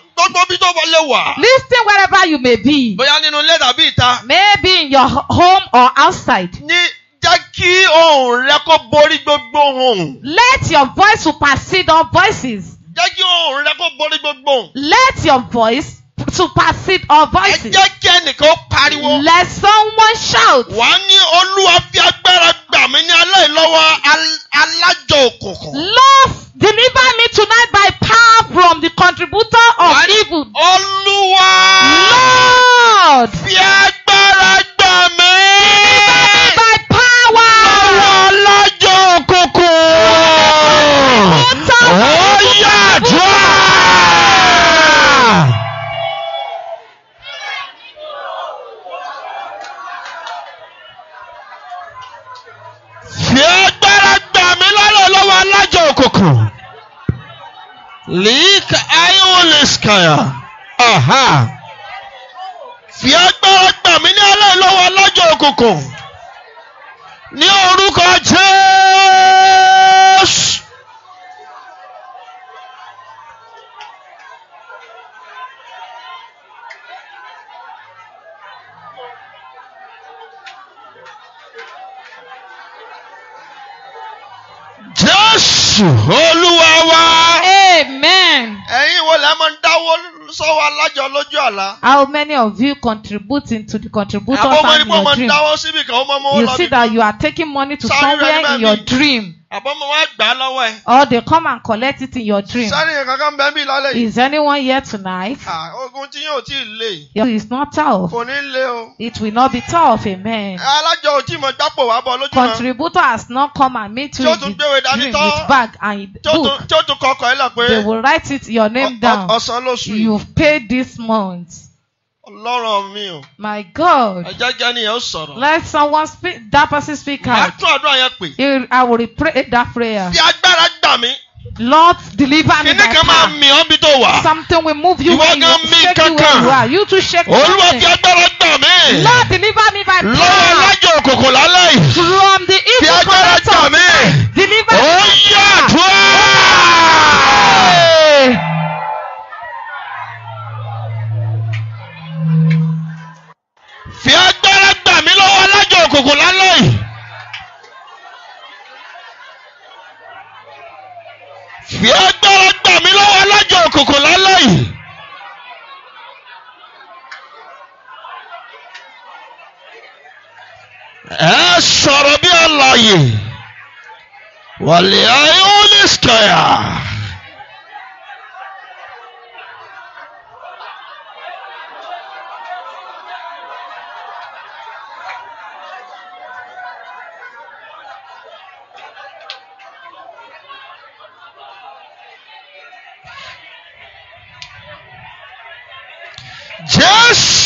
Listen wherever you may be. Maybe in your home or outside jẹ́ kí ohùn rẹ kó borí gbogbo ohùn. Let your voice supersede all voices. Jẹ́ kí ohùn rẹ kó borí gbogbo Let your voice supersede all voices. Ẹ jẹ́ kí ẹnìkan pariwo. Let someone shout. Wàá ní Olúwa fi agbára gbà mí ní alẹ́ lọ́wọ́ alájọ òkùnkùn. Lord deliver me tonight by power from the contributor of Wani, evil. Olúwa. Lord. Fi agbára gbà mí. sá. ó yà àdúrà. fi agbára gbà mí lọ́rọ̀ lọ́wọ́ alájọ òkùnkùn. líkà ayọ̀lẹ̀sìkàyà. fi agbára gbà mí lọ́rọ̀ lọ́wọ́ alájọ òkùnkùn. ní orúkọ Jésù. Jésù Olúwa wa. Amen. Ẹ̀yin wo lẹ́ ń dáwọ́ sọ́wọ́ alájọ lójú àlá. How many of you contribute into the contributors family your dream? Àbọ̀mọ́ ni mo mọ̀ ń dáwọ́ síbi kan, ó mọ̀ mọ́ You see that you are taking money to somewhere in your dream. Or they come and collect it in your dream. Is anyone here tonight? Ogun tí is not tough. It will not be tough, amen. Contributor has not come and meet you in the dream with bag and book. They will write it your name down. You've paid this month. Ọlọ́run mi o. My God. Ẹjẹ́jẹ́ ni yóò sọ̀rọ̀. Let someone speak that person speak out. Màá tún àdúrà yẹn pè. I will pray that prayer. Fi agbára gbà mí. Lord deliver me by power. Something will move you where you shake you where you are. You too shake me. Olúwa fi agbára gbà Lord deliver me by power. Lọ́wọ́ lájọ òkòkò lálẹ́ yìí. From the evil power. Fi agbára Deliver me by yeah, Ó yẹ àdúrà. fi agbára gbà mí lọ́wọ́ alájọ òkùnkùn lálọ́ yìí. fi agbára gbà mí lọ́wọ́ alájọ òkùnkùn lálọ́ yìí. ẹ sọ̀rọ̀ bí alààyè wàlẹ́ ayé ó ní sọ̀yà.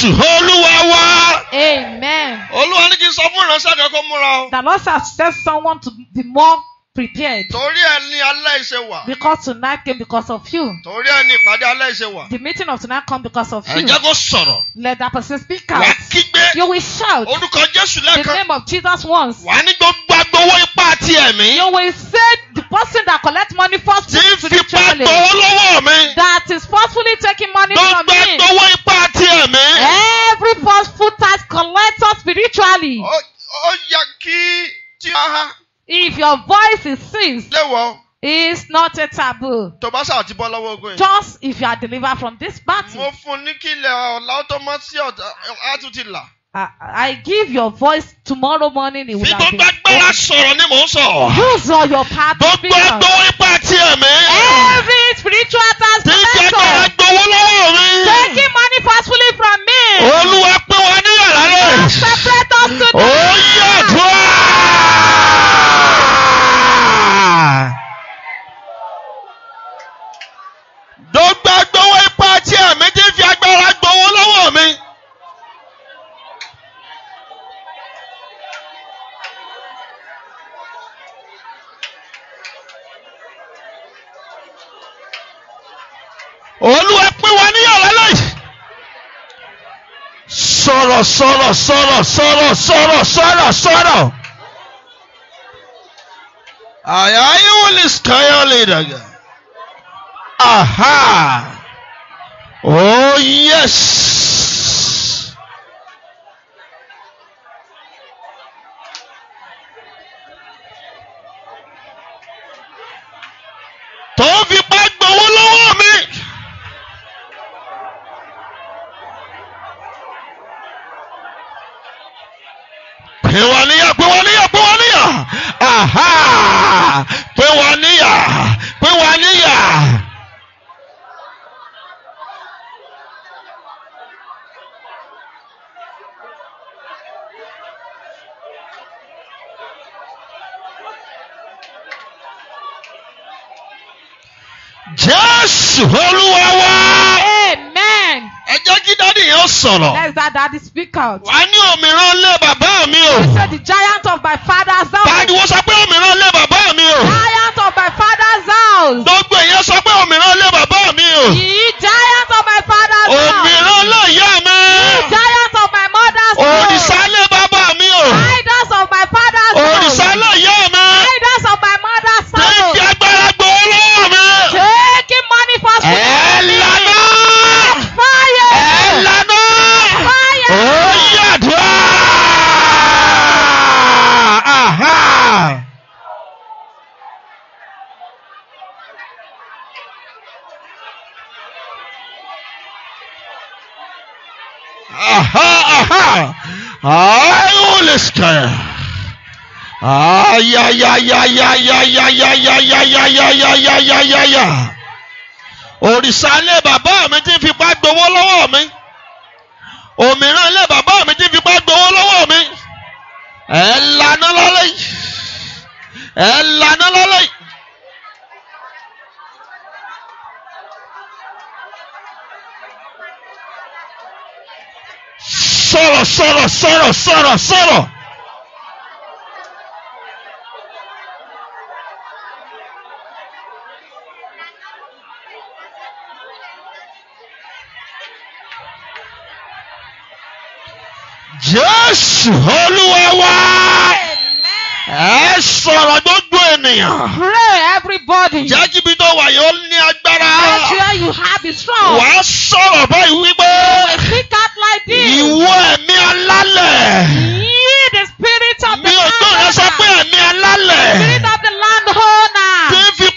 Jésù Olúwa wá. Amen. Olúwa ní kí n sọ fún ìránṣẹ́ kankan múra o. The Lord has sent someone to be more prepared. Torí ẹ ní alẹ́ wà. Because tonight came because of you. Torí ẹ ní ìpàdé alẹ́ wà. The meeting of tonight come because of you. Ẹ jẹ́ kó sọ̀rọ̀. Let that person speak out. Wà kígbe. You will shout. Orúkọ Jésù lẹ́ẹ̀kan. The name of Jesus once. Wà á ní gbogbo agbowó ipá àti ẹ̀mí. You will say person that collect money forcefully to the family. tí that is forcefully taking money from me. no tọwọ́ part here, man. every forceful tax collector spiritually. Oh, oh, yaki, tí if your voice is sins. It's not a taboo. Just if you are delivered from this battle. I, I give your voice tomorrow morning it will be. been. Fi Use all your power to speak up. Gbogbo agbowó Every spiritual task Taking money forcefully from me. Olúwa Separate us today. Ó yẹ dùn. olúwa pín wa níyà lálẹ́ yìí sọ̀rọ̀ sọ̀rọ̀ sọ̀rọ̀ sọ̀rọ̀ sọ̀rọ̀ sọ̀rọ̀ sọ̀rọ̀ àyà ayéwo lè sọ̀yà lè dàgbà aha oh yes. Jésù Olúwa Amen. Ẹ jẹ́ kí dádì yẹn sọ̀rọ̀. Let that daddy speak out. Wà á ní òmíràn lé bàbá mi o. He said the giant of my father's house. Tani wọ́n sọ pé òmíràn lé bàbá mi o. Giant of my father's house. Gbogbo èèyàn sọ pé òmíràn lé bàbá mi o. Yìí giant of my father's house. Òmíràn lé ìyá mi. Yìí giant of my mother's house. Òrìṣà lé bàbá mi o. Idols of my father's house. Òrìṣà lé Ay ay ay ay ay ay ay ay ay ay ay ay ay ay ay ay ay Òrìṣà ilé bàbá mi ti fipá gbowó lọ́wọ́ mi. Òmíràn ilé bàbá mi ti fipá gbowó lọ́wọ́ mi. Ẹ lanà lọ́lẹ̀. Ẹ lanà lọ́lẹ̀. solo, solo, solo, solo, solo. Jésù Olúwa wá. ẹ sọ̀rọ̀ gbogbo ènìyàn. pray everybody. jẹ́ tó wà yẹn ní agbára. that's where you have it strong. wà á sọ̀rọ̀ báyìí wípé. speak out like this. ìwọ ẹ̀mí alálẹ̀. yìí the spirit of the land. mi ò tó ẹ sọ pé ẹ̀mí alálẹ̀. spirit of the land owner. tí fi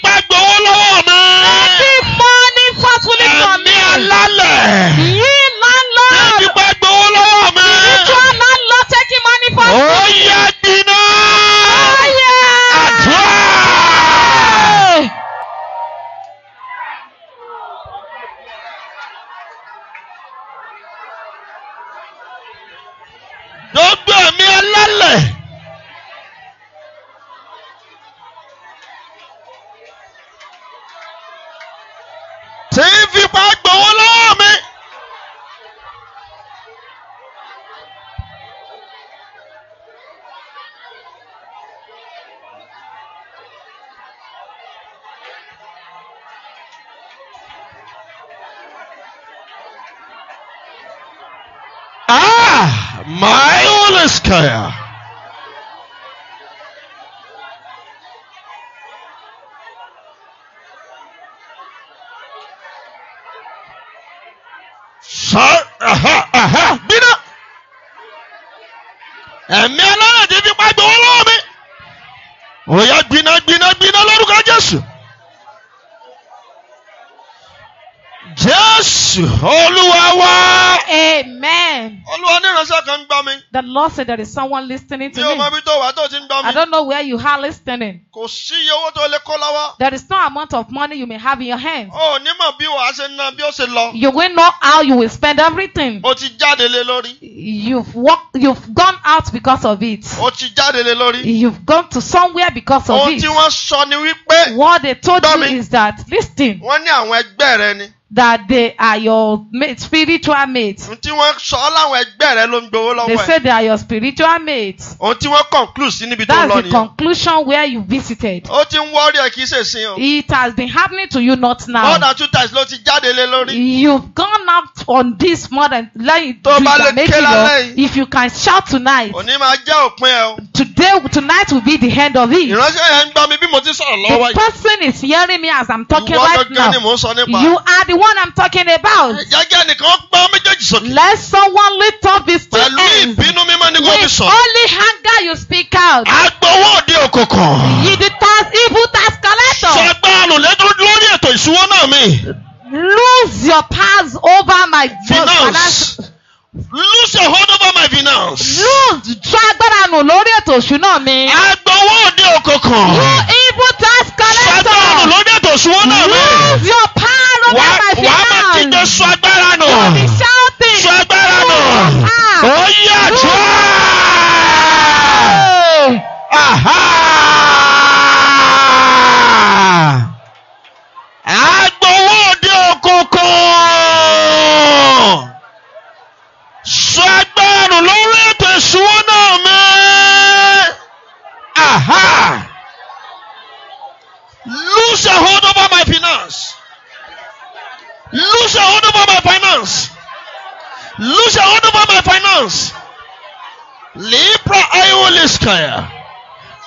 Kaya. kan gbá mi. The Lord said there is someone listening to me. mi ò mọ ibi tó wà tó ti ń gbá mi. I don't know where you are listening. Kò sí iye owó tó lè kó lọ́wọ́. There is no amount of money you may have in your hands. O ní mọ̀ bí wàá ṣe ná bí ó ṣe lọ. You will know how you will spend everything. O ti jáde lé lórí. You've walked, you've gone out because of it. O ti jáde lé lórí. You've gone to somewhere because of it. Ohun tí wọ́n sọ ni wípé. What they told you is that listen. Wọ́n ní àwọn ẹgbẹ́ rẹ ni that they are your mate, spiritual mates. ohun wọ́n sọ láwọn ẹgbẹ́ rẹ ló ń gbowó lọ́wọ́ ẹ̀. they say they are your spiritual mates. ohun tí wọ́n conclude sí níbi tó lọ nìyẹn. that's the conclusion where you visited. ó ti ń wọ́ọ̀rì ẹ̀ kì í ṣe sin o. it has been happening to you not now. more than two times ló ti jáde lé lórí. you've gone out on this more than lẹ́yìn tó bá lè ké lálẹ́ yìí. if you can shout tonight. òní máa jẹ́ òpin ẹ o. today tonight will be the end of it. ìránṣẹ́ yẹn ń gbọ́ mi bí mo ti sọ̀rọ̀ lọ́wọ́ yìí. the person is hearing me as I'm talking right now. ìwọ you are the one one I'm talking about. Let someone lift up his two With only anger you speak out. Agbowó òde He the tax evil tax collector. Ṣọgbà àrùn lẹ́dún lórí ètò ìṣúwó mi. Lose your pass over my finance. Lose your hold over my finance. Tú agbára nù lórí ètò ìṣúná mi. Agbowó òde òkòkàn. You evil tax collector. Tú agbára nù lórí ètò ìṣúná mi. Lose your power over my finance. Wàá máa ti jẹ́ sọ agbára nù. You be shouting. Sọ agbára nù. Ah. Ó yẹ àjọ. Ah. Agbowó òde òkòkàn. dùn lórí ètò ìṣúná náà mi. Aha! Lose a hold over my finance. Lose a hold over my finance. Lose a hold over my finance. Libra Iwoliskaya.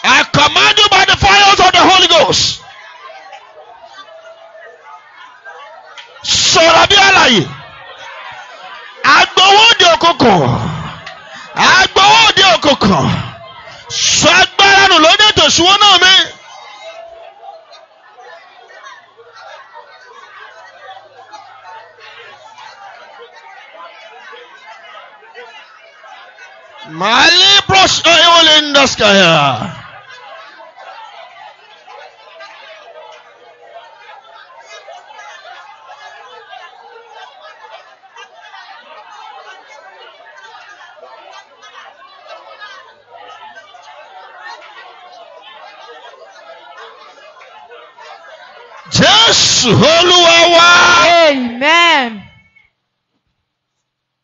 I command you by the fires of the Holy Ghost. Sọ̀rọ̀ bí àlàyé. Agbowó di òkùnkùn agbowó òde òkùnkùn sọ agbára nù lórí ètò ìṣúwó náà mi. Mali brush oil in the sky. Ah. Jésù Olúwa wá. Amen.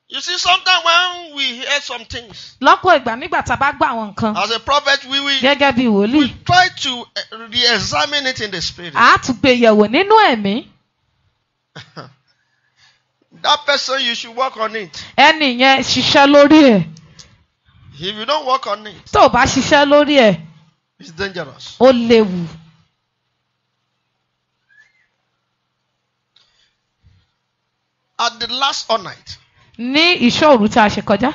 You see, sometimes when we hear some things. Lọ́pọ̀ ìgbà nígbà tá a bá gbọ́ àwọn nǹkan. As a prophet we will. Gẹ́gẹ́ bí wòlíì. We try to eh, re-examine it in the spirit. A tún gbé yẹ̀wò nínú ẹ̀mí. That person you should work on it. Ẹni yẹn ṣiṣẹ́ lórí ẹ̀. If you don't work on it. Tó o bá ṣiṣẹ́ lórí ẹ̀. It's dangerous. Ó léwu. at the last all night. ní ìṣọ́ òru tí a ṣe kọjá.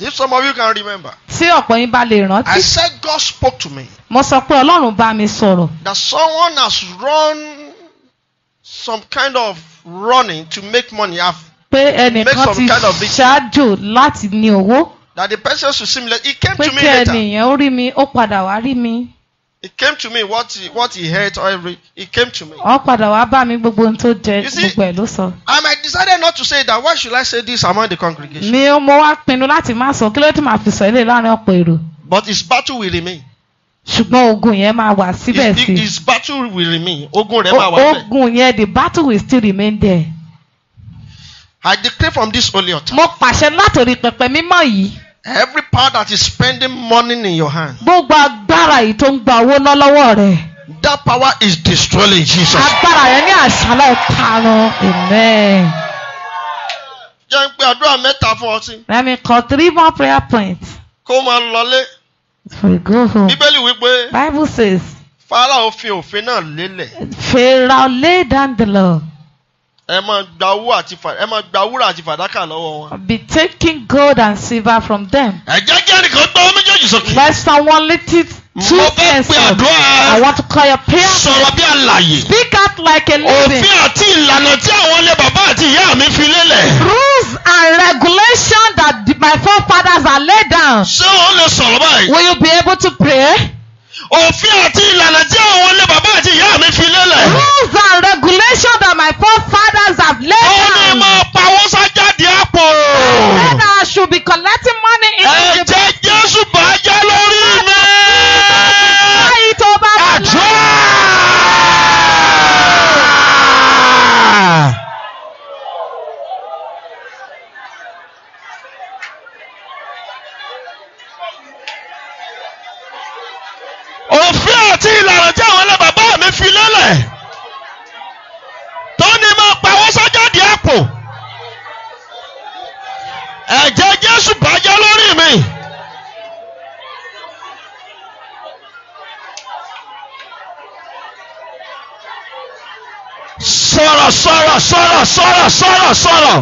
If some of you can remember. Tí ọ̀pọ̀ yín bá lè rántí. I said God spoke to me. Mo sọ pé Ọlọ́run bá mi sọ̀rọ̀. That someone has run some kind of running to make money. Have. pé ẹnìkan ti ṣáájò láti ní owó. That the person should simulate. He came to me later. Pé kí ẹnìyàn ó rí mi, ó padà wá rí mi. It came to me what he, what he heard or every it came to me. Ó padà wá bá mi gbogbo ohun tó jẹ gbogbo ẹ̀ ló sọ. And I decided not to say that why should I say this among the congregation. Mi mo wá pinnu láti má sọ kí ló dé màá fi sọ ilé láàrin ọ̀pọ̀ èrò. But his battle will remain. Ṣùgbọ́n ogun yẹn máa wà síbẹ̀ sí. His battle will remain. Ogun rẹ̀ máa wà bẹ́ẹ̀. Ogun yẹn the battle will still remain there. I declare from this holy altar. Mo pàṣẹ látòrí pẹpẹ mímọ́ yìí. Every power that is spending money in your hand. Gbogbo agbára yìí tó ń gba owó lọ́wọ́ rẹ̀. That power is destroying Jesus. Agbára yẹn ní àṣálẹ̀ karùn-ún. Amen. Jẹ́ ń pe àdúrà mẹ́ta fún ọ Let me call three more prayer points. Kó máa lọlé. We go home. Bíbélì wípé. Bible says. Fáráò fi òfin náà lélẹ̀. Pharaoh lay down the law ẹ máa gba owó àti ẹ máa gba wúrà àti fàdákà lọ́wọ́ wọn. be taking gold and silver from them. ẹ jẹ́ kí ẹnìkan gbọ́ méjèèjì sókè. less than little two cents. mo I want to call your prayer. sọ̀rọ̀ bí àlàyé. speak out like a living. òfin àti ìlànà tí àwọn ilé bàbá àti ìyá mi fi lélẹ̀. rules and regulations that my forefathers are laid down. ṣé o lè sọ̀rọ̀ báyìí. will you be able to pray? òfin àti ìlànà tí àwọn ilé bàbá àti ìyá mi fi lélẹ̀. rules and regulations that my forefathers have laid down. ó ní máa pawó sájáde àpò. I said I should be collecting money in. ẹ̀jẹ̀ Jésù bá jẹ́ lórí mi. nípò ẹ̀jẹ̀ Jésù bàjẹ́ lórí mi. sọ̀rọ̀ sọ̀rọ̀ sọ̀rọ̀ sọ̀rọ̀ sọ̀rọ̀ sọ̀rọ̀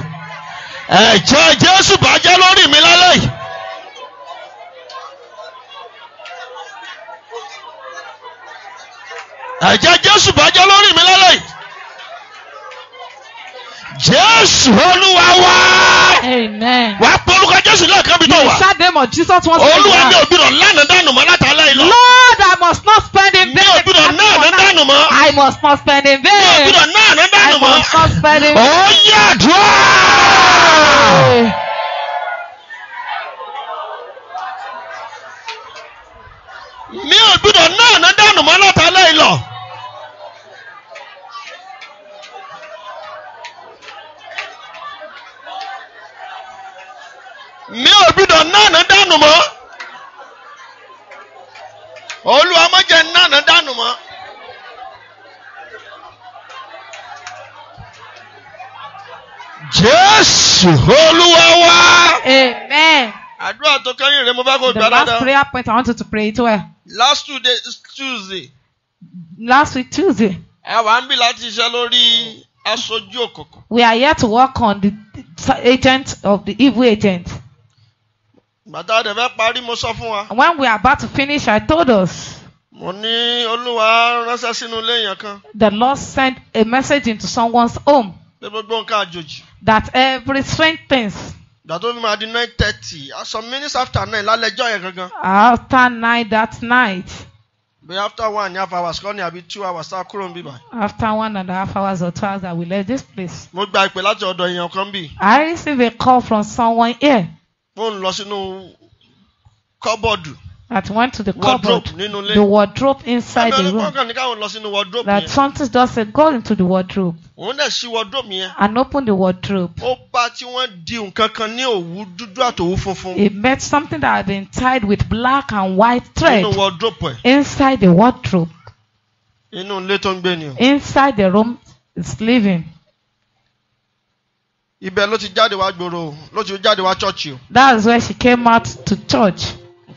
ẹ̀jẹ̀ Jésù bàjẹ́ lórí mi lálẹ́ yìí. ẹ̀jẹ̀ Jésù bàjẹ́ lórí mi lálẹ́ yìí. Jésù Olúwa wá. Wà á pọ̀ Jésù náà kan tó wà. The sad name of Jesus once again. Olúwa ní òbí rọ̀ lánàá dànù látàlá yìí lọ. Lord, I must not spend in vain. Ní òbí rọ̀ náà dànù I must not spend in vain. Ní òbí rọ̀ náà dànù I must not spend in vain. Ó yàdúrà. mi ò gbúdọ̀ náà ná dànù mọ́ látàlẹ́ ìlọ. mi ò gbọ́dọ̀ nánà dànù mọ́ olúwa má jẹ́ nánà dànù mọ́. jésù olúwa amen. àdúrà tó kẹ́yìn rẹ̀ mo bá kó gbàdá. the last prayer point I wanted to pray it well. last two days Tuesday. last week Tuesday. ẹ wà ń bí láti ṣe lórí aṣojú òkùnkùn. we are here to work on the agent of the evil agent. Bàtà dẹ̀ fẹ́ parí mo sọ fún wa. When we are about to finish, I told us. Mo ní Olúwa ránṣẹ́ sínú ilé èèyàn kan. The Lord sent a message into someone's home. Pé gbogbo nǹkan àjòjì. That every strange things. Ìgbà tó fi máa di nine thirty, some minutes after nine lálẹ́ ẹjọ́ yẹn gangan. After nine that night. Bí after one and a half hours kọ́ ni àbí two hours tá kúrò níbí báyìí. After one and a half hours or two hours I will leave this place. Mo gba ìpè láti ọ̀dọ̀ èèyàn kan bí. I receive a call from someone here wọ́n lọ sínú kọ́bọ̀dù. That went to the cupboard, the wardrobe inside the room. That something just said, go into the wardrobe. And open the wardrobe. Ó It met something that had been tied with black and white thread. Inside the wardrobe. Inside the room it's living ibẹ̀ ló ti jáde wá gbòòrò ló ti jáde wá chọ́ọ̀chì. that's where she came out to church.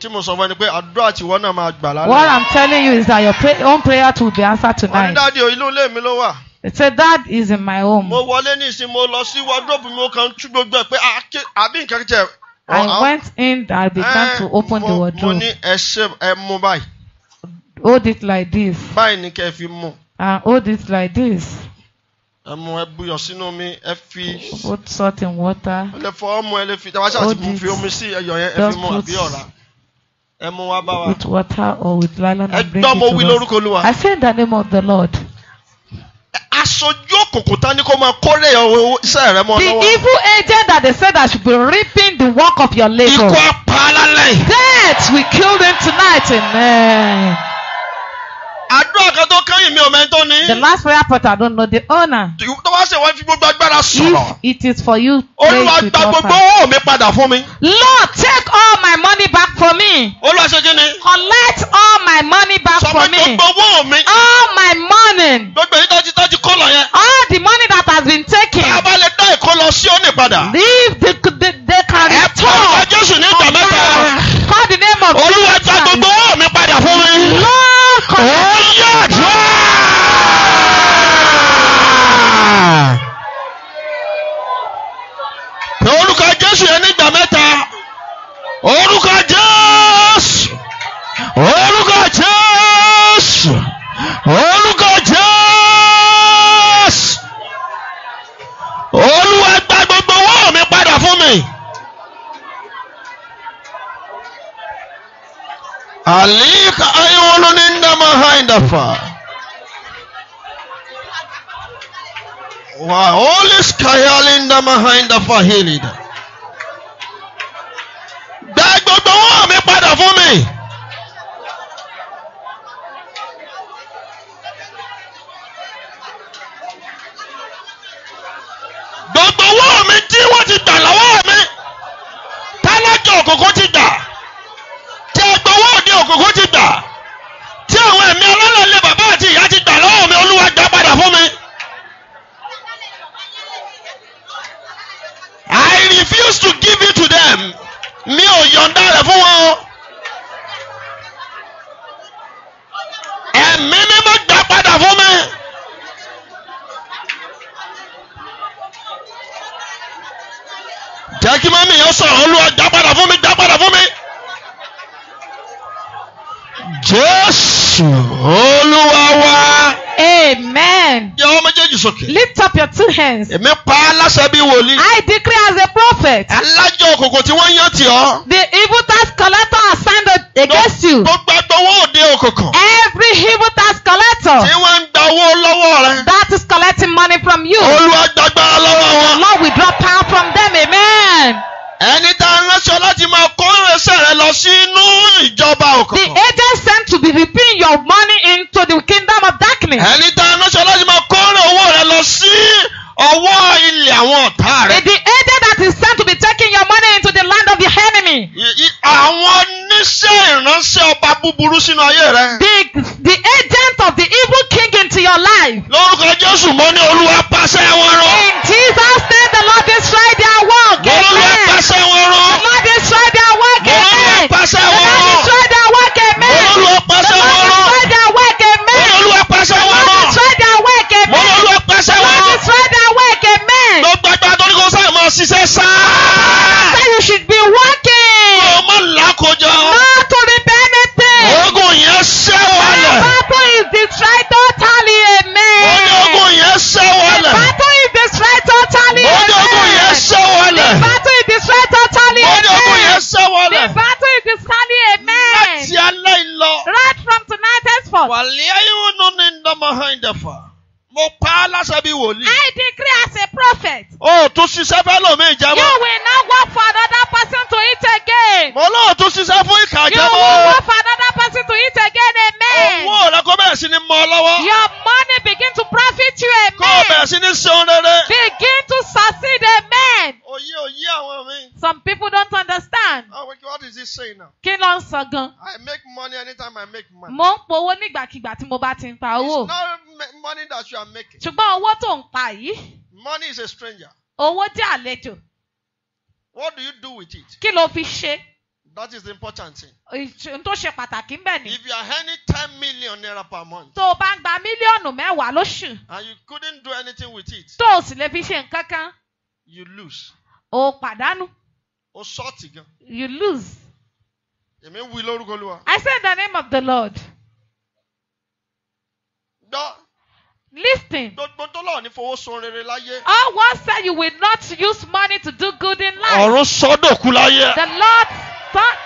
tí mo sọ fún ẹ pé àdúrà tiwọn náà máa gbà lálẹ́. what i'm telling you is that your pray own prayer too will be answered tonight. wọ́n ní dáàdi o ilé mi ló wà. They said that is in my home. Mo wọlé ní ìsìn mo lọ sí wardrobe mi ó kàn tú gbogbo ẹ̀ pé ah, àbí nǹkan jẹ. I went in I began eh, to open the wardrobe. Mo ní ẹ ẹ mú báyìí. Hold it like this. Báyìí ni kẹ́ ẹ fi mú. And ah, hold it like this ẹmu ẹbu yọ sínú mi ẹ fi. put salt and water. ẹ lè fọ ọmọ ẹ lè fi tàwa ṣáà ti fi omi sí ẹyọ yẹn ẹ fi mu àbí ọ̀rá. ẹ mú bá wa. with water or with nylon ẹ gbọ́ mo wí lórúkọ Olúwa. I say in the name of the Lord. Aṣojú òkùnkùn tán ni kó máa kórè iṣẹ́ rẹ mọ́ lọ́wọ́. The evil agent that they said that should be reaping the work of your labour. Ikú apalálẹ̀. Death will kill them tonight. Amen àdúrà kan tó kẹ́yìn mi ò mẹ́tọ́ ni. the last prayer pot I don't know the owner. tó bá ṣe wọ́n fi gbogbo agbára sọ̀rọ̀. if it is for you pray with your father. Olúwa gba gbogbo owó mi padà fún mi. Lord take all my money back for me. Olúwa ṣe kí ni. collect all my money back for me. sọ pé gbogbo owó mi. all my money. gbogbo èyí tó ti tó ti kó lọ yẹn. all the money that has been taken. tá a bá lè dá ìkólọ sí padà. leave the the they can return. ẹ tọ́ ọ Jésù ní ìgbà mẹ́. orúkọ Jésù orúkọ Jésù orúkọ Jésù Olúwa gba gbogbo owó mi padà fún mi. alika ayiwolo ni ndama haindafa wa oliskayali ndama haindafa hilida. báyìí. gbogbo owó mi tí wọ́n ti gbà lọ́wọ́ mi tálájà òkòkò ti gbà tí ẹgbẹ́ owó òde òkòkò ti gbà tí àwọn ẹ̀mí ọlọ́lẹ̀ bàbá àti ìyá ti gbà lọ́wọ́ mi olúwa gbà padà fún mi. I refuse to give it to them mi ò yọ̀ǹda rẹ̀ fún wọn o. padà fún mi. jẹ́ kí mọ́mí yẹn sọ̀rọ̀ olúwa já padà fún mi já padà fún mi. Jésù olúwa wá. Amen. Yẹ ọwọ́ méjèèjì sókè. Lift up your two hands. Èmi pa aláṣẹ bí wòlíì. I declare as a prophet. Alájọ òkòkò tí wọ́n yàn tì ọ́. The evil tax collector assigned against you. Gbogbo ẹgbẹ́ òde òkòkò. Every evil tax collector. Tí wọ́n ń gba owó lọ́wọ́ rẹ. That is collecting money from you. Olúwa gbàgbára lọ́wọ́ wọn. Lord withdraw power from them. Amen ẹni tá a ránṣọ láti máa kó ìrẹsẹ̀ rẹ lọ sínú ìjọba òkùnkùn. the agent sent to be reaping your money into the kingdom of darkness. ẹni tá a ránṣọ láti máa kó owó rẹ lọ sí ọwọ́ ilẹ̀ àwọn ọ̀tá rẹ. the agent that is sent to be taking your money into the land of the enemy. àwọn oníṣẹ́ ìránṣẹ́ ọba búburú sínú ayé rẹ. the the agent of the evil king into your life. lórúkọ Jésù mo ní Olúwa pàṣẹ wọn rọ. in Jesus name the Lord destroy their work. nígbàkigbà tí mo bá ti ń pa owó. It's not money that you are making. Ṣùgbọ́n owó tó ń pa yìí. Money is a stranger. Owó jẹ́ àlejò. What do you do with it? Kí ló fi ṣe? That is the important thing. N tó ṣe pàtàkì ń bẹ̀ ni. If you are earning ten million naira per month. Tó o bá ń gba mílíọ̀nù mẹ́wàá lóṣù. And you couldn't do anything with it. Tó o sì lè fi ṣe nǹkan kan. You lose. O pàdánù. O ṣọ́ọ̀tì gan. You lose. Èmi wí lórúkọ Olúwa. I said the name of the Lord. Gbọ́. Listen. Gbogbo tó lọ ní fowó sun rere láyé. All one said you will not use money to do good in life. Ọ̀run sọ́dọ̀kú láyé. The Lord thought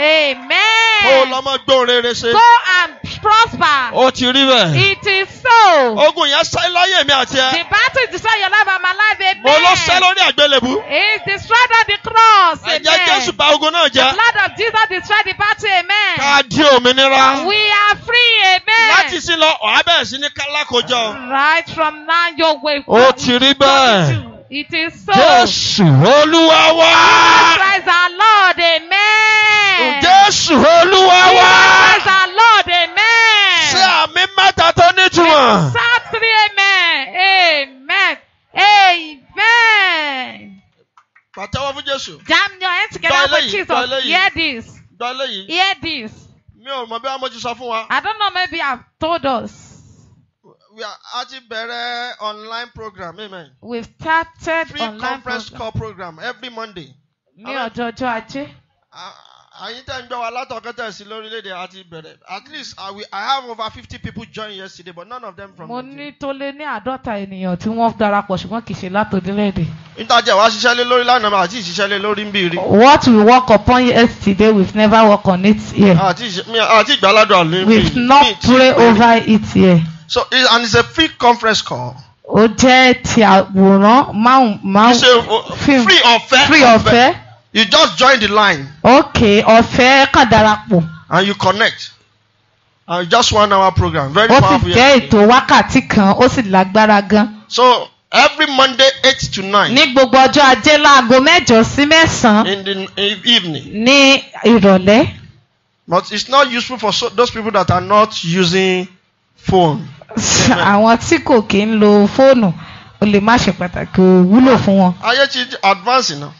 Amen. Kó lọ gbóhùn rere ṣe. Go and prosper. Ó ti rí bẹ́ẹ̀. It is so. Ogun yẹn ṣẹ́ láyé mi àti ẹ. The battle is destroyed your life and my life amen. Mo lọ ṣẹ́ lórí àgbélébú. He is destroyed on the cross amen. Ẹ̀jẹ̀ Jésù bà ogun náà jẹ́. The blood of Jesus destroyed the battle amen. Ká di òmìnira. We are free amen. Láti sí lọ, ọ̀hábẹ̀rẹ̀ ní kálákòjọ. Right from now your way. Ó ti rí bẹ́ẹ̀. It is so. Jésù Olúwa wá. Jesus Christ our Lord, amen. Jésù Olúwa wá. Jesus Christ our Lord, amen. Ṣé àmì mẹ́ta tó nítumọ̀? Sáàtìrì amen, amen, amen. Pàtẹ́wọ́ fún Jésù. Jam your hands together for Jesus. Hear this. Hear this. Mi ò mọ̀ bí wọ́n mo ti sọ fún wa. I don't know maybe have told us we are actually bẹ̀rẹ̀ online program amen. We've started Free online program. conference call program every Monday. ní ọjọ́jọ́ ajé. àyín at least I, uh, will, I have over 50 people join yesterday but none of them from. mo ní tó lé ní àádọ́ta ènìyàn tí wọ́n darapọ̀ ṣùgbọ́n kì í ṣe látòdílẹ̀èdè. nítajẹ̀ wá ṣiṣẹ́ lé lórí lánàá what we work upon yesterday we never work on it here. àti we not pray over it here. So it, and it's a free conference call. Ó jẹ́ ti àwòrán máwùn máwùn. Ṣé free ọ̀fẹ́? Free ọ̀fẹ́. You just join the line. Okay, ọ̀fẹ́ kàn darapọ̀. And you connect. And just one hour program. Very powerful. Ó sì jẹ́ ètò wákàtí kan, ó sì lágbára gan. So every Monday eight to nine. ní gbogbo ọjọ́ ajé láago mẹ́jọ sí mẹ́sàn-án. in the evening. ní ìrọ̀lẹ́. but it's not useful for so, those people that are not using phone. àwọn tí kò kí ń lo fóònù ó lè má ṣe pàtàkì wúlò fún wọn. ayé ti advance náà.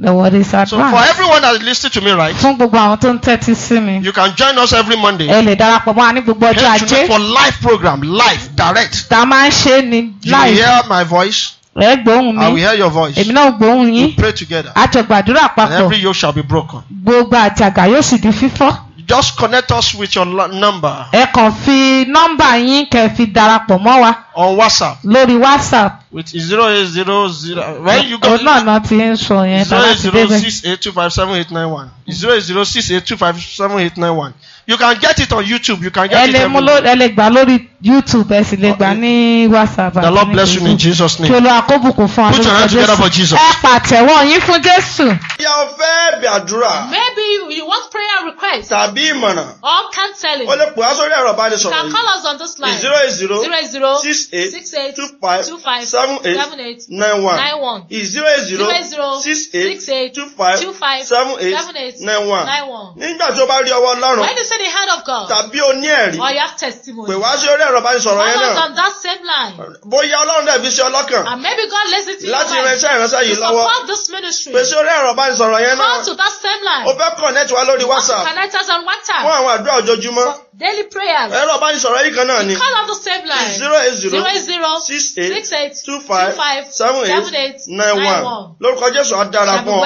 The word is advanced. So for everyone that is listening to me right. Fún gbogbo àwọn tó ń tẹ́tí sí mi. You can join us every Monday. Ẹ lè darapọ̀ mọ́ a ní gbogbo ọjọ́ ajé. Here tonight for live program live direct. Ta máa ń ṣe ni live. You hear my voice. Ẹ gbóhùn mi. I will hear your voice. Èmi náà gbóhùn yín. We pray together. A papọ̀. And every yoke shall be broken. Gbogbo àjàgà yóò sì di fífọ́ just connect us with your number. ẹ kàn fi nọ́mbà yín kẹ́ fi darapọ̀ mọ́ wa. on whatsapp. lórí whatsapp. with zero eight zero zero. when you go. òun náà ti ń sọ yẹn zero eight zero six eight two five seven eight nine one. zero eight zero six eight two five seven eight nine one. you can get it on youtube you can get it. ẹ lè mú ẹ lè gbà lórí YouTube ẹ lè gbà oh, ní WhatsApp. The Lord bless you in Jesus name. Jolo àkóbùkún fún àwọn olùkọ́ Put your hands together for Jesus. Ẹ pàtẹ́wọ́ yín fún Jésù. Ìyá ọ̀fẹ́ bí àdúrà. Maybe you want prayer request. Tàbí ìmọ̀ràn. Or counseling. O lè pè á sórí ẹ̀rọ ìbánisọ̀rọ̀ yìí. Can call us on this line. Zero eight zero. Zero eight zero. Six eight. Six eight. Two five. Two five. Seven eight. Seven eight. Nine one. Nine one. Zero eight zero. Zero eight zero. Six eight. Six eight. Two five. Two five. Seven eight. Nine one. Nine one. Nígbà tó bá rí ọwọ́ Ọlọ́run. When you see the hand of God. Tàbí o ní ẹ̀rí. Or you have testimony. Pè wá sórí ẹ̀rọ bá ń sọ̀rọ̀ yẹn náà. all that same line. bóyá ọlọ́run náà fi ṣe ọlọ́kàn. and maybe God lets it to you. láti ránṣẹ́ ìránṣẹ́ yìí lọ́wọ́. to support this ministry. pèsè orí ẹ̀rọ bá ń sọ̀rọ̀ yẹn náà. call to that same line. o fẹ́ connect wa lórí WhatsApp. you want connect us on WhatsApp. fún àwọn àdúrà ojoojúmọ́. for daily prayers. ẹ̀rọ bá ń sọ̀rọ̀ yìí kan náà ni. call on the same line. zero eight zero. six eight. two five. seven eight. nine one. lórúkọ Jésù á dára fún ọ.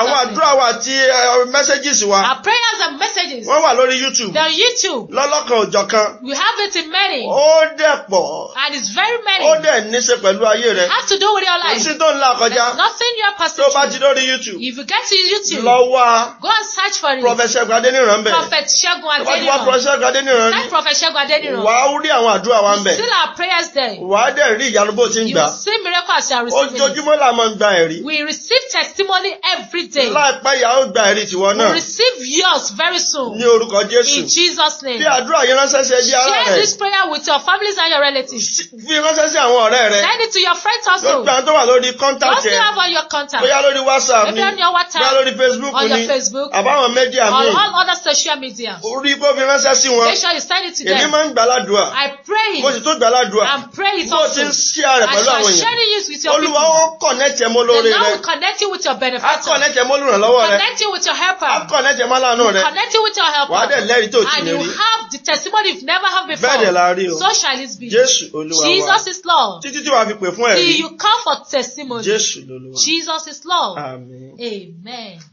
àwọn àdúrà wa àti messages wa. our prayers and messages. wọ́n wà lórí YouTube. they're on YouTube. lọ́lọ́kan òjọ̀kan. we have it in many many. ó dẹ̀ pọ̀. and it's very many. ó dẹ̀ níṣe pẹ̀lú ayé rẹ. has to do with your life. kò tó ń là kọjá. there's nothing you are passing through. tó bá ti lórí YouTube. if you get to YouTube. lọ wá. go and search for it. prophet Ṣẹ́gun Adéníran bẹ̀. prophet Ṣẹ́gun Adéníran. tó bá ti wá prophet Ṣẹ́gun Adéníran ni. type prophet Ṣẹ́gun Adéníran. wà rí àwọn àdúrà wa ń bẹ̀. still our prayers there. wà dẹ̀ rí ìyanu bó ti ń gbà. you see miracle as you are receiving. ojoojúmọ́ la máa ń gba ẹ̀rí. we receive testimony every day. láìpẹ́ yà ó gba ẹ̀rí tiwọn náà. we receive yours very soon. ní orúkọ Jésù. in Jesus name. bí àdúrà yẹn ránṣẹ́ ṣe bí ara rẹ̀. share this prayer share with your families and your relatives. fi ránṣẹ́ sí àwọn ọ̀rẹ́ rẹ. send it to your friends also. lórí gbàǹtó wà lórí contact yẹn. don't you have all your contacts. bóyá lórí whatsapp ni bóyá lórí facebook ni on your facebook àbáwọn media mi. on all other social media. orí kó fi ránṣẹ́ sí wọn. make sure you send it to them. èmi máa ń gbàládùá. I pray. mo sì tún gbàládùá. and pray it also. mo ti ń share rẹ pẹ̀lú àwọn èèyàn. and you are sharing it with your people. olúwa ó connect ẹ mọ́ lórí rẹ. the Lord will connect you with your benefactor. connect rẹ. connect you with your helper. a connect ẹ mọ́ aláàánú rẹ. connect you with your helper. wàá dẹ̀ lẹ́rìí tó ti lè rí. and you have the testimony you've never had before. bẹ́ẹ̀ dẹ̀ la darí o. so shall it be. Jésù Jesus is love. Títí tí wàá fi pè fún ẹ̀rí. till you come for testimony. Jésù Olúwa. Jesus is love. Amen. Amen.